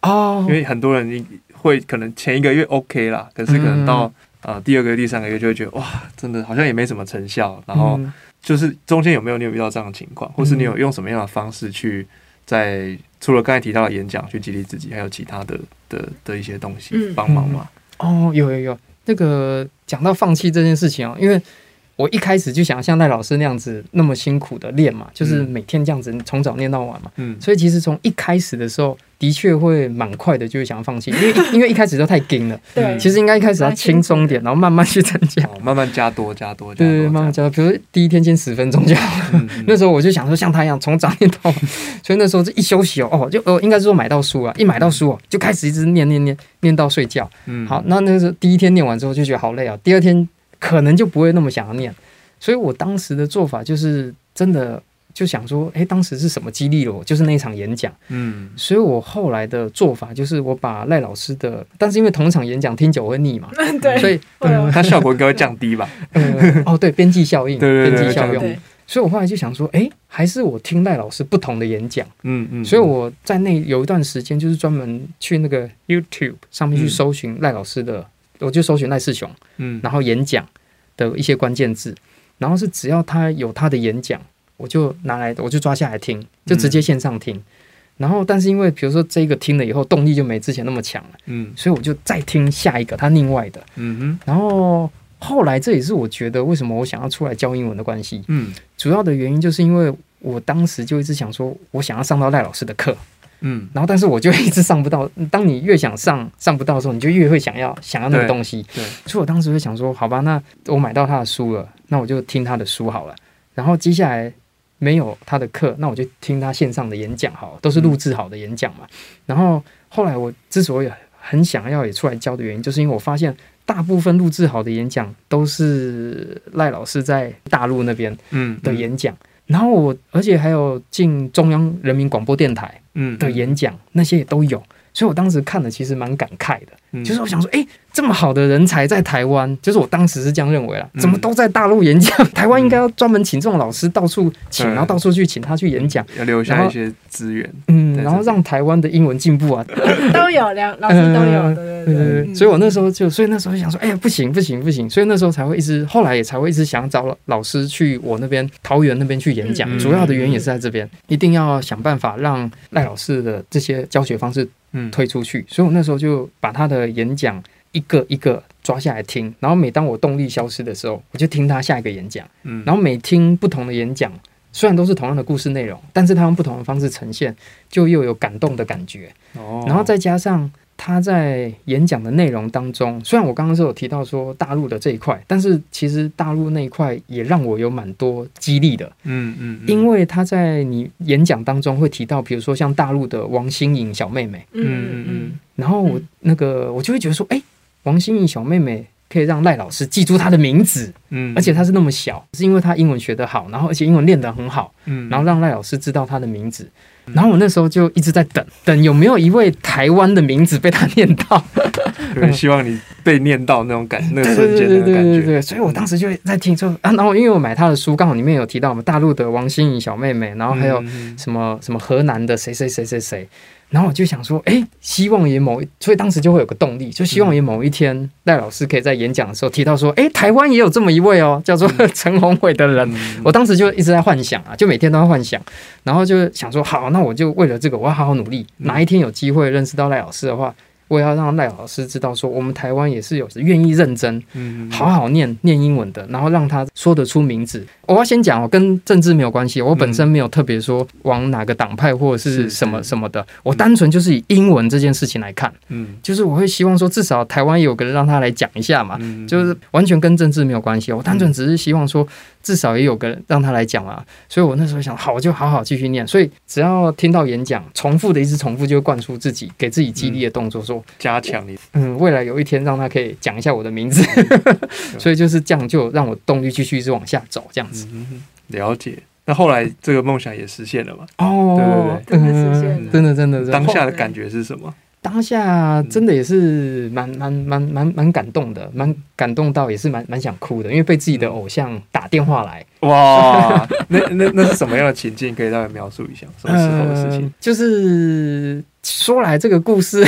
因為很多人會可能前一個月 OK 啦，可是可能到，嗯……呃，第二個月，第三個月就會覺得哇，真的好像也沒什麼成效，然後就是中間有沒有你有遇到這樣的情況，嗯、或是你有用什麼樣的方式去在，嗯、除了剛才提到的演講去激勵自己，還有其他的的的一些東西幫、嗯、忙嗎？哦，有有有，那個講到放棄這件事情啊，哦，因為。我一開始就想像賴老師那樣子那麼辛苦的練嘛，就是每天這樣子從早練到晚嘛。嗯、所以其實從一開始的時候，的確會蠻快的，就會想要放棄，因為因為一開始就太緊了。 對，其實應該一開始要輕鬆點，然後慢慢去增加，好慢慢加多加多。加多加多對，慢慢加多。比如第一天先十分鐘就好了。嗯、 那時候我就想說像他一樣從早練到晚， 所以那時候這一休息哦，哦就哦，應該是說買到書啊，一買到書哦就開始一直念念念念到睡覺。嗯，好，那那時候第一天念完之後就覺得好累啊、哦，第二天。可能就不會那麼想要念，所以我當時的做法就是真的就想說，誒、欸，當時是什麼激勵了我？就是那一場演講，嗯，所以我後來的做法就是，我把賴老師的，但是因為同一場演講聽久會膩嘛，嗯、所以、嗯、有它效果應該會降低吧？嗯、哦，對，邊際效應，對，對，對，邊際效用。所以我後來就想說，哎、欸，還是我聽賴老師不同的演講、嗯，嗯。所以我在那有一段時間，就是專門去那個 YouTube 上面去搜尋賴老師的、嗯。我就搜尋賴世雄，嗯，然後演講的一些關鍵字，嗯，然後是只要他有他的演講，我就拿來，我就抓下來聽，就直接線上聽。嗯，然後，但是因為比如說這個聽了以後動力就沒之前那麼強了，嗯，所以我就再聽下一個他另外的，嗯哼。然後後來這也是我覺得為什麼我想要出來教英文的關係，嗯，主要的原因就是因為我當時就一直想說我想要上到賴老師的課。嗯，然後但是我就一直上不到。當你越想上上不到的時候，你就越會想要想要那個東西。對，對，所以我當時會想說，好吧，那我買到他的書了，那我就聽他的書好了。然後接下來沒有他的課，那我就聽他線上的演講，好，都是錄製好的演講嘛。嗯，然後後來我之所以很想要也出來教的原因，就是因為我發現大部分錄製好的演講都是賴老師在大陸那邊嗯的演講，嗯嗯，然後我而且還有進中央人民廣播電台。嗯的演講，嗯、那些也都有，所以我當時看了其實蠻感慨的，就是我想說，誒、欸，這麼好的人才在台灣，就是我當時是這樣認為啊，怎麼都在大陸演講？台灣應該要專門請這種老師到處請，然後到處去請他去演講，嗯、然後、嗯，要留下一些資源，嗯，然後讓台灣的英文進步啊，都有兩老師都有。嗯，對對對對對對，所以我那時候就，所以那時候就想說，哎呀，不行不行不行，所以那時候才會一直，後來也才會一直想找老師去我那邊桃園那邊去演講。嗯、主要的原因也是在這邊，嗯、一定要想辦法讓賴老師的這些教學方式推出去。嗯、所以我那時候就把他的演講一個一個抓下來聽，然後每當我動力消失的時候，我就聽他下一個演講。嗯，然後每聽不同的演講，雖然都是同樣的故事內容，但是他用不同的方式呈現，就又有感動的感覺。哦，然後再加上。他在演講的內容當中，雖然我剛剛是有提到說大陸的這一塊，但是其實大陸那一塊也讓我有蠻多激勵的。嗯嗯，嗯嗯因為他在你演講當中會提到，比如說像大陸的王心穎小妹妹。嗯嗯嗯。嗯嗯然後我那個我就會覺得說，哎、嗯，王心穎小妹妹可以讓賴老師記住她的名字。嗯。而且她是那麼小，是因為她英文學得好，然後而且英文練得很好。嗯。然後讓賴老師知道她的名字。然後我那時候就一直在等，等有沒有一位台灣的名字被他念到， 希望你被念到那種感，那個、瞬間的感覺。對，對，對，對，對，對，對，對，所以我當時就在聽說啊，然後因為我買他的書，剛好裡面有提到我們大陸的王心怡小妹妹，然後還有什麼、嗯、什麼河南的誰，誰誰誰誰誰。然後我就想說，哎，希望也某一，所以當時就會有個動力，就希望也某一天賴、嗯、老師可以在演講的時候提到說，哎，台灣也有這麼一位哦，叫做陳宏偉的人。嗯、我當時就一直在幻想啊，就每天都在幻想，然後就想說，好，那我就為了這個，我要好好努力。哪一天有機會認識到賴老師的話。我要讓賴老師知道，說我們台灣也是有願意認真、好好念念英文的，然後讓他說得出名字。我要先講，我跟政治沒有關係，我本身沒有特別說往哪個黨派或者是什麼什麼的，我單純就是以英文這件事情來看，嗯，就是我會希望說至少台灣有個人讓他來講一下嘛，就是完全跟政治沒有關係，我單純只是希望說至少也有個人讓他來講嘛。所以我那時候想，好，我就好好繼續念。所以只要聽到演講，重複的一直重複，就會灌輸自己給自己激勵的動作，說。加強你，嗯，未來有一天讓他可以講一下我的名字， 對 所以就是這樣就讓我動力繼續一直往下走，這樣子，嗯哼哼。了解。那後來這個夢想也實現了嗎？哦對對對，真的實現、嗯、真的真的真的。當下的感覺是什麼？當下真的也是蠻蠻蠻蠻蠻感動的，蠻感動到也是蠻蠻想哭的，因為被自己的偶像打電話來、嗯。哇，那那那是什麼樣的情境？可以大概描述一下什麼時候的事情？嗯、就是。說來這個故事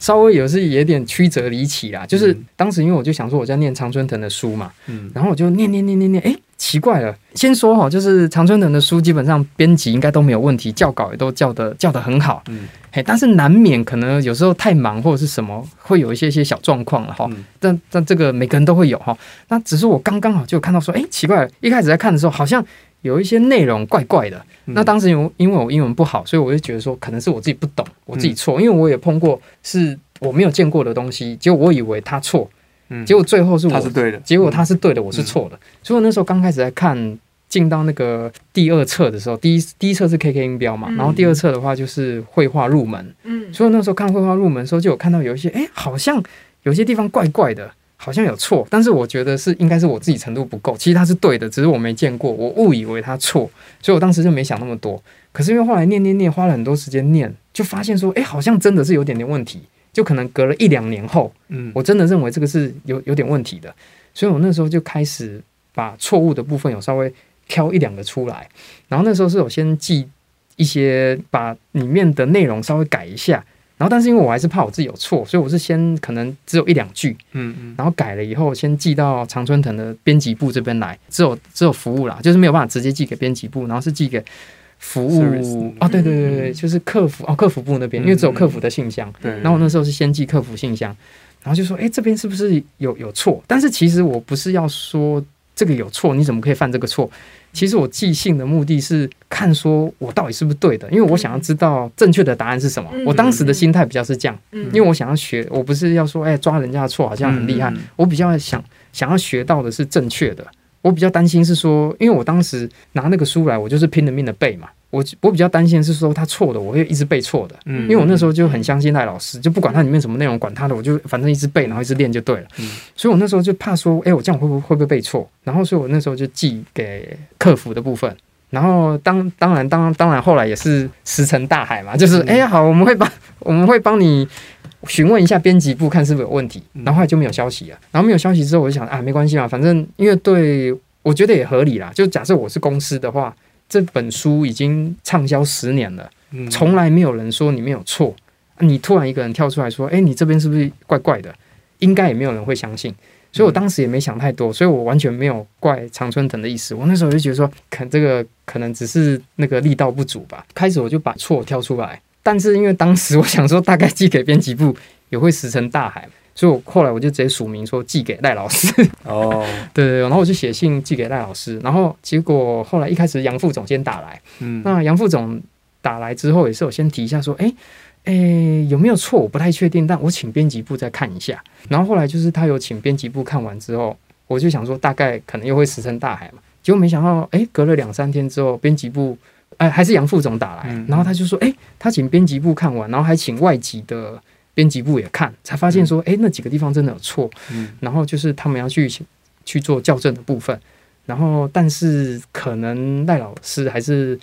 稍微也是有點曲折離奇啦，就是當時因為我就想說我在念常春藤的書嘛，嗯，然後我就念念念念念，哎，奇怪了。先說哈，就是常春藤的書基本上編輯應該都沒有問題，校稿也都校得校得很好，嗯，但是難免可能有時候太忙或者是什麼，會有一些些小狀況了哈。嗯，但但這個每個人都會有哈。那只是我剛剛好就看到說，哎，奇怪了，一開始在看的時候好像。有一些內容怪怪的，那當時因為因為我英文不好，嗯、所以我就覺得說可能是我自己不懂，我自己錯。嗯、因為我也碰過是我沒有見過的東西，結果我以為他錯，嗯、結果最後是我他是對的，結果他是對的，嗯、我是錯的。嗯、所以我那時候剛開始在看進到那個第二冊的時候，第一第一冊是 KK 音標嘛，嗯、然後第二冊的話就是會話入門。嗯，所以那時候看會話入門的時候，就有看到有一些哎、欸，好像有些地方怪怪的。好像有錯，但是我覺得是應該是我自己程度不夠。其實他是對的，只是我沒見過，我誤以為他錯，所以我當時就沒想那麼多。可是因為後來念念念，花了很多時間念，就發現說，哎，好像真的是有點點問題。就可能隔了一兩年後，嗯，我真的認為這個是有有點問題的。所以我那時候就開始把錯誤的部分有稍微挑一兩個出來，然後那時候是有先記一些，把裡面的內容稍微改一下。然後，但是因為我還是怕我自己有錯，所以我是先可能只有一兩句，嗯嗯，嗯，然後改了以後，先寄到常春藤的編輯部這邊來，只有只有服務啦，就是沒有辦法直接寄給編輯部，然後是寄給服務啊人、哦，對對對對，就是客服哦，客服部那邊，嗯、因為只有客服的信箱，對、嗯，然後那時候是先寄客服信箱，對然後就說，哎，這邊是不是有有錯？但是其實我不是要說這個有錯，你怎麼可以犯這個錯？其實我即興的目的是看，說我到底是不是對的，因為我想要知道正確的答案是什麼。我當時的心態比較是這樣，因為我想要學，我不是要說誒、哎、抓人家的錯好像很厲害，我比較想想要學到的是正確的。我比較擔心是說，因為我當時拿那個書來，我就是拼了命的背嘛。我我比較擔心是說他錯的，我會一直背錯的，嗯、因為我那時候就很相信賴老師，就不管他裡面什麼內容，管他的，我就反正一直背，然後一直練就對了。嗯、所以我那時候就怕說，哎、欸，我這樣會不會會不會背錯？然後，所以我那時候就寄給客服的部分。然後當當然當當然，當當然後來也是石沉大海嘛，就是哎呀、嗯欸，好，我們會幫我們會幫你詢問一下編輯部，看是不是有問題。然後，後來就沒有消息了。然後沒有消息之後，我就想啊，沒關係嘛，反正因為對，我覺得也合理啦。就假設我是公司的話。這本書已經暢銷十年了，從來沒有人說你沒有錯。你突然一個人跳出來說：“誒，你這邊是不是怪怪的？”應該也沒有人會相信，所以我當時也沒想太多，所以我完全沒有怪常春藤的意思。我那時候就覺得說，可這個可能只是那個力道不足吧。開始我就把錯挑出來，但是因為當時我想說，大概寄給編輯部也會石沉大海。所以，我後來我就直接署名說寄給賴老師。哦，對，然後我就寫信寄給賴老師，然後結果後來一開始楊副總先打來，嗯，那楊副總打來之後也是我先提一下說，哎誒，有沒有錯我不太確定，但我請編輯部再看一下。然後後來就是他有請編輯部看完之後，我就想說大概可能又會石沉大海嘛。結果沒想到，哎，隔了兩三天之後，編輯部哎、欸、還是楊副總打來，然後他就說，哎，他請編輯部看完，然後還請外籍的。編輯部也看，才發現說，哎、嗯欸，那幾個地方真的有錯，嗯，然後就是他們要去去做校正的部分，然後但是可能賴老師還是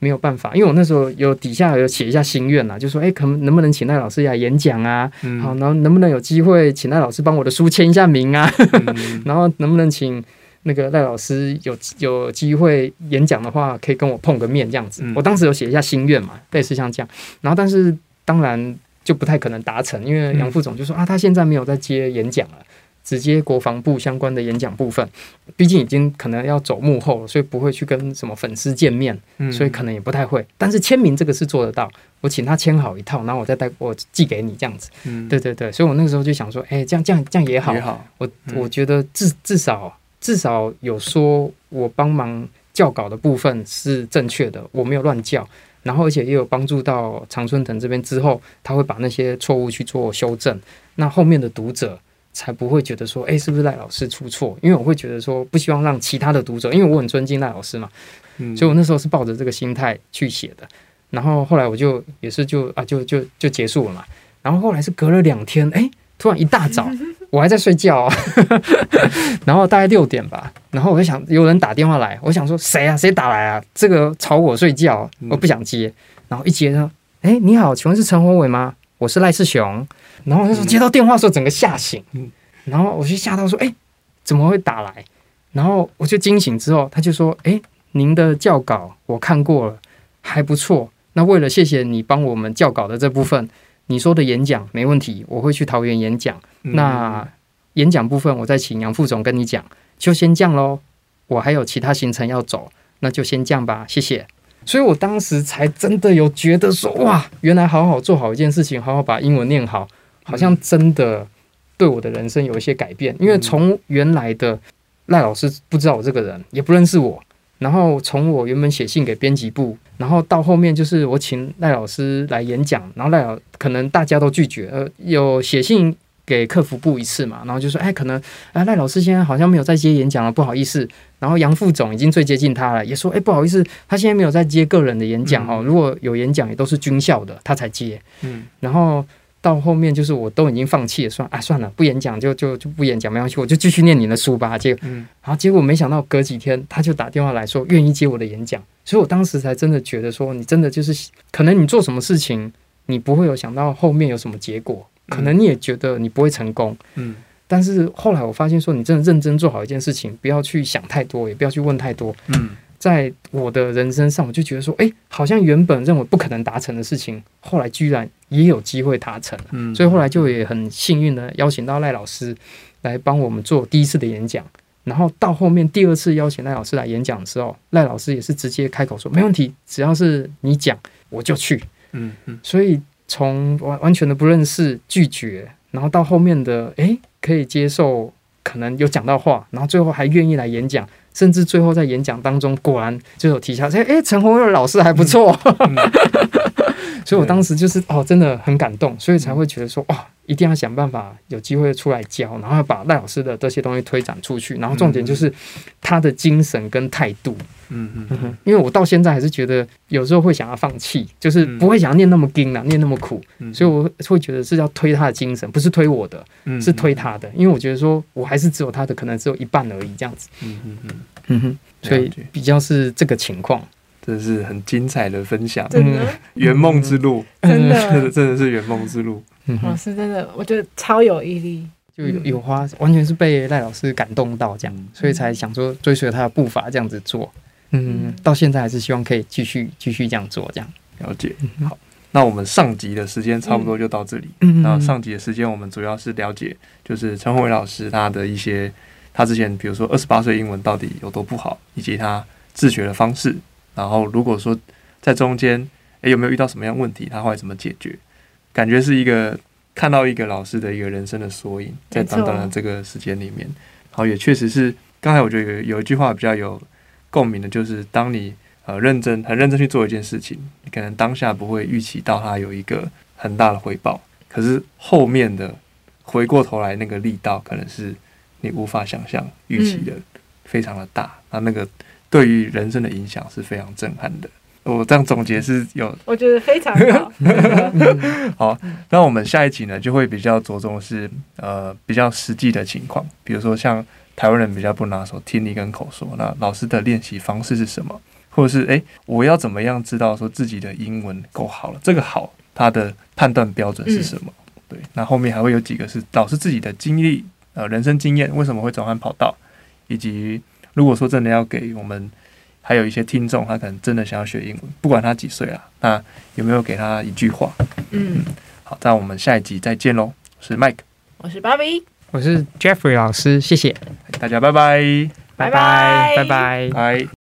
沒有辦法，因為我那時候有底下有寫一下心願啊，就說，哎、欸，可能能不能請賴老師來演講啊？嗯，好，然後能不能有機會請賴老師幫我的書簽一下名啊？嗯、 然後能不能請那個賴老師有有機會演講的話，可以跟我碰個面這樣子？嗯、我當時有寫一下心願嘛，類似像這樣，然後但是當然。就不太可能達成，因為楊副總就說、嗯、啊，他現在沒有在接演講了，只接國防部相關的演講部分。畢竟已經可能要走幕後了，所以不會去跟什麼粉絲見面，嗯、所以可能也不太會。但是簽名這個是做得到，我請他簽好一套，然後我再帶我寄給你這樣子。嗯、對對對，所以我那個時候就想說，誒、欸，這樣這樣這樣也好。也好我、嗯、我覺得至至少至少有說我幫忙校稿的部分是正確的，我沒有亂叫。然後，而且也有幫助到常春藤這邊之後，他會把那些錯誤去做修正，那後面的讀者才不會覺得說，哎，是不是賴老師出錯？因為我會覺得說，不希望讓其他的讀者，因為我很尊敬賴老師嘛，嗯、所以我那時候是抱着這個心態去寫的。然後後來我就也是就啊，就就就結束了嘛。然後後來是隔了兩天，哎。突然一大早， 我還在睡覺，哦， 然後大概六點吧，然後我就想有人打電話來，我想說，誰啊，誰打來啊？這個吵我睡覺，我不想接。嗯、然後一接呢，哎、欸，你好，請問是陳宏偉嗎？我是賴世雄。然後我就說接到電話時候，整個嚇醒。嗯、然後我就嚇到說，哎、欸，怎麼會打來？然後我就驚醒之後，他就說，哎、欸，您的教稿我看過了，還不錯。那為了謝謝你幫我們教稿的這部分。你說的演講沒問題，我會去桃園演講。嗯、那演講部分，我再請楊副總跟你講。就先這樣嘍，我還有其他行程要走，那就先這樣吧，謝謝。所以我當時才真的有覺得說，哇，原來好好做好一件事情，好好把英文念好，好像真的對我的人生有一些改變。因為從原來的賴老師不知道我這個人，也不認識我。然後從我原本寫信給編輯部，然後到後面就是我請賴老師來演講，然後賴老可能大家都拒絕，呃，有寫信給客服部一次嘛，然後就說，哎，可能，啊、哎，賴老師現在好像沒有在接演講了，不好意思。然後楊副總已經最接近他了，也說，哎，不好意思，他現在沒有在接個人的演講，嗯、哦，如果有演講也都是軍校的他才接。嗯，然後。到後面就是我都已經放棄了，算啊，算了，不演講就就就不演講，沒關係，我就繼續念你的書吧。結果，嗯，然後結果沒想到隔幾天他就打電話來說願意接我的演講，所以我當時才真的覺得說，你真的就是可能你做什麼事情，你不會有想到後面有什麼結果，可能你也覺得你不會成功，嗯。但是後來我發現說，你真的認真做好一件事情，不要去想太多，也不要去問太多，嗯，在我的人生上，我就覺得說，哎，好像原本認為不可能達成的事情，後來居然也有機會達成，嗯、所以後來就也很幸運的邀請到賴老師來幫我們做第一次的演講。然後到後面第二次邀請賴老師來演講的時候，賴老師也是直接開口說：“沒問題，只要是你講，我就去。”嗯、嗯、所以從完完全的不認識、拒絕，然後到後面的誒、欸、可以接受，可能有講到話，然後最後還願意來演講。甚至最後在演講當中，果然就有提下說：“誒、欸，陳紅瑞老師還不錯。嗯”嗯、 所以，我當時就是對 哦，真的很感動，所以才會覺得說：“哦一定要想辦法有機會出來教，然後把賴老師的這些東西推展出去。然後重點就是他的精神跟態度。嗯嗯哼嗯。因為我到現在還是覺得有時候會想要放棄，就是不會想要念那麼拼啊，嗯、哼念那麼苦。嗯、哼所以我會覺得是要推他的精神，不是推我的，嗯、哼是推他的。因為我覺得說我還是只有他的，可能只有一半而已這樣子。嗯嗯嗯嗯哼。所以比較是這個情況。這是很精彩的分享，真的，圓夢、嗯、之路，真的， 真的是圓夢之路。老師、嗯、真的，我覺得超有毅力，就有有花，完全是被賴老師感動到這樣，嗯、所以才想說追隨他的步伐這樣子做。嗯，嗯到現在還是希望可以繼續繼續這樣做，這樣了解。好，那我們上集的時間差不多就到這裡。嗯，那上集的時間我們主要是了解，就是陳宏偉老師他的一些，他之前比如說二十八歲英文到底有多不好，以及他自學的方式。然後如果說在中間，哎、欸、有沒有遇到什麼樣的問題，他會怎麼解決？感覺是一個看到一個老師的一個人生的縮影，在短短的這個時間裡面，好，也確實是，剛才我覺得有有一句話比較有共鳴的，就是當你呃認真很認真去做一件事情，你可能當下不會預期到它有一個很大的回報，可是後面的回過頭來那個力道可能是你無法想象預期的非常的大，那那個對於人生的影響是非常震撼的。我這樣總結是有，我覺得非常好。 好，那我們下一集呢，就會比較着重是呃比較實際的情況，比如說像台灣人比較不拿手聽力跟口說，那老師的練習方式是什麼，或者是哎、欸，我要怎麼樣知道說自己的英文夠好了？這個好，他的判斷標準是什麼？嗯、對，那後面還會有幾個是老師自己的經歷，呃，人生經驗為什麼會轉換跑道，以及如果說真的要給我們。還有一些聽眾，他可能真的想要學英文，不管他幾歲了，那有沒有給他一句話？嗯，嗯，好，那我們下一集再見嘍。我是 Mike，我是 Barbie，b 我是 Jeffrey 老師，謝謝大家，拜拜，拜拜，拜拜，拜。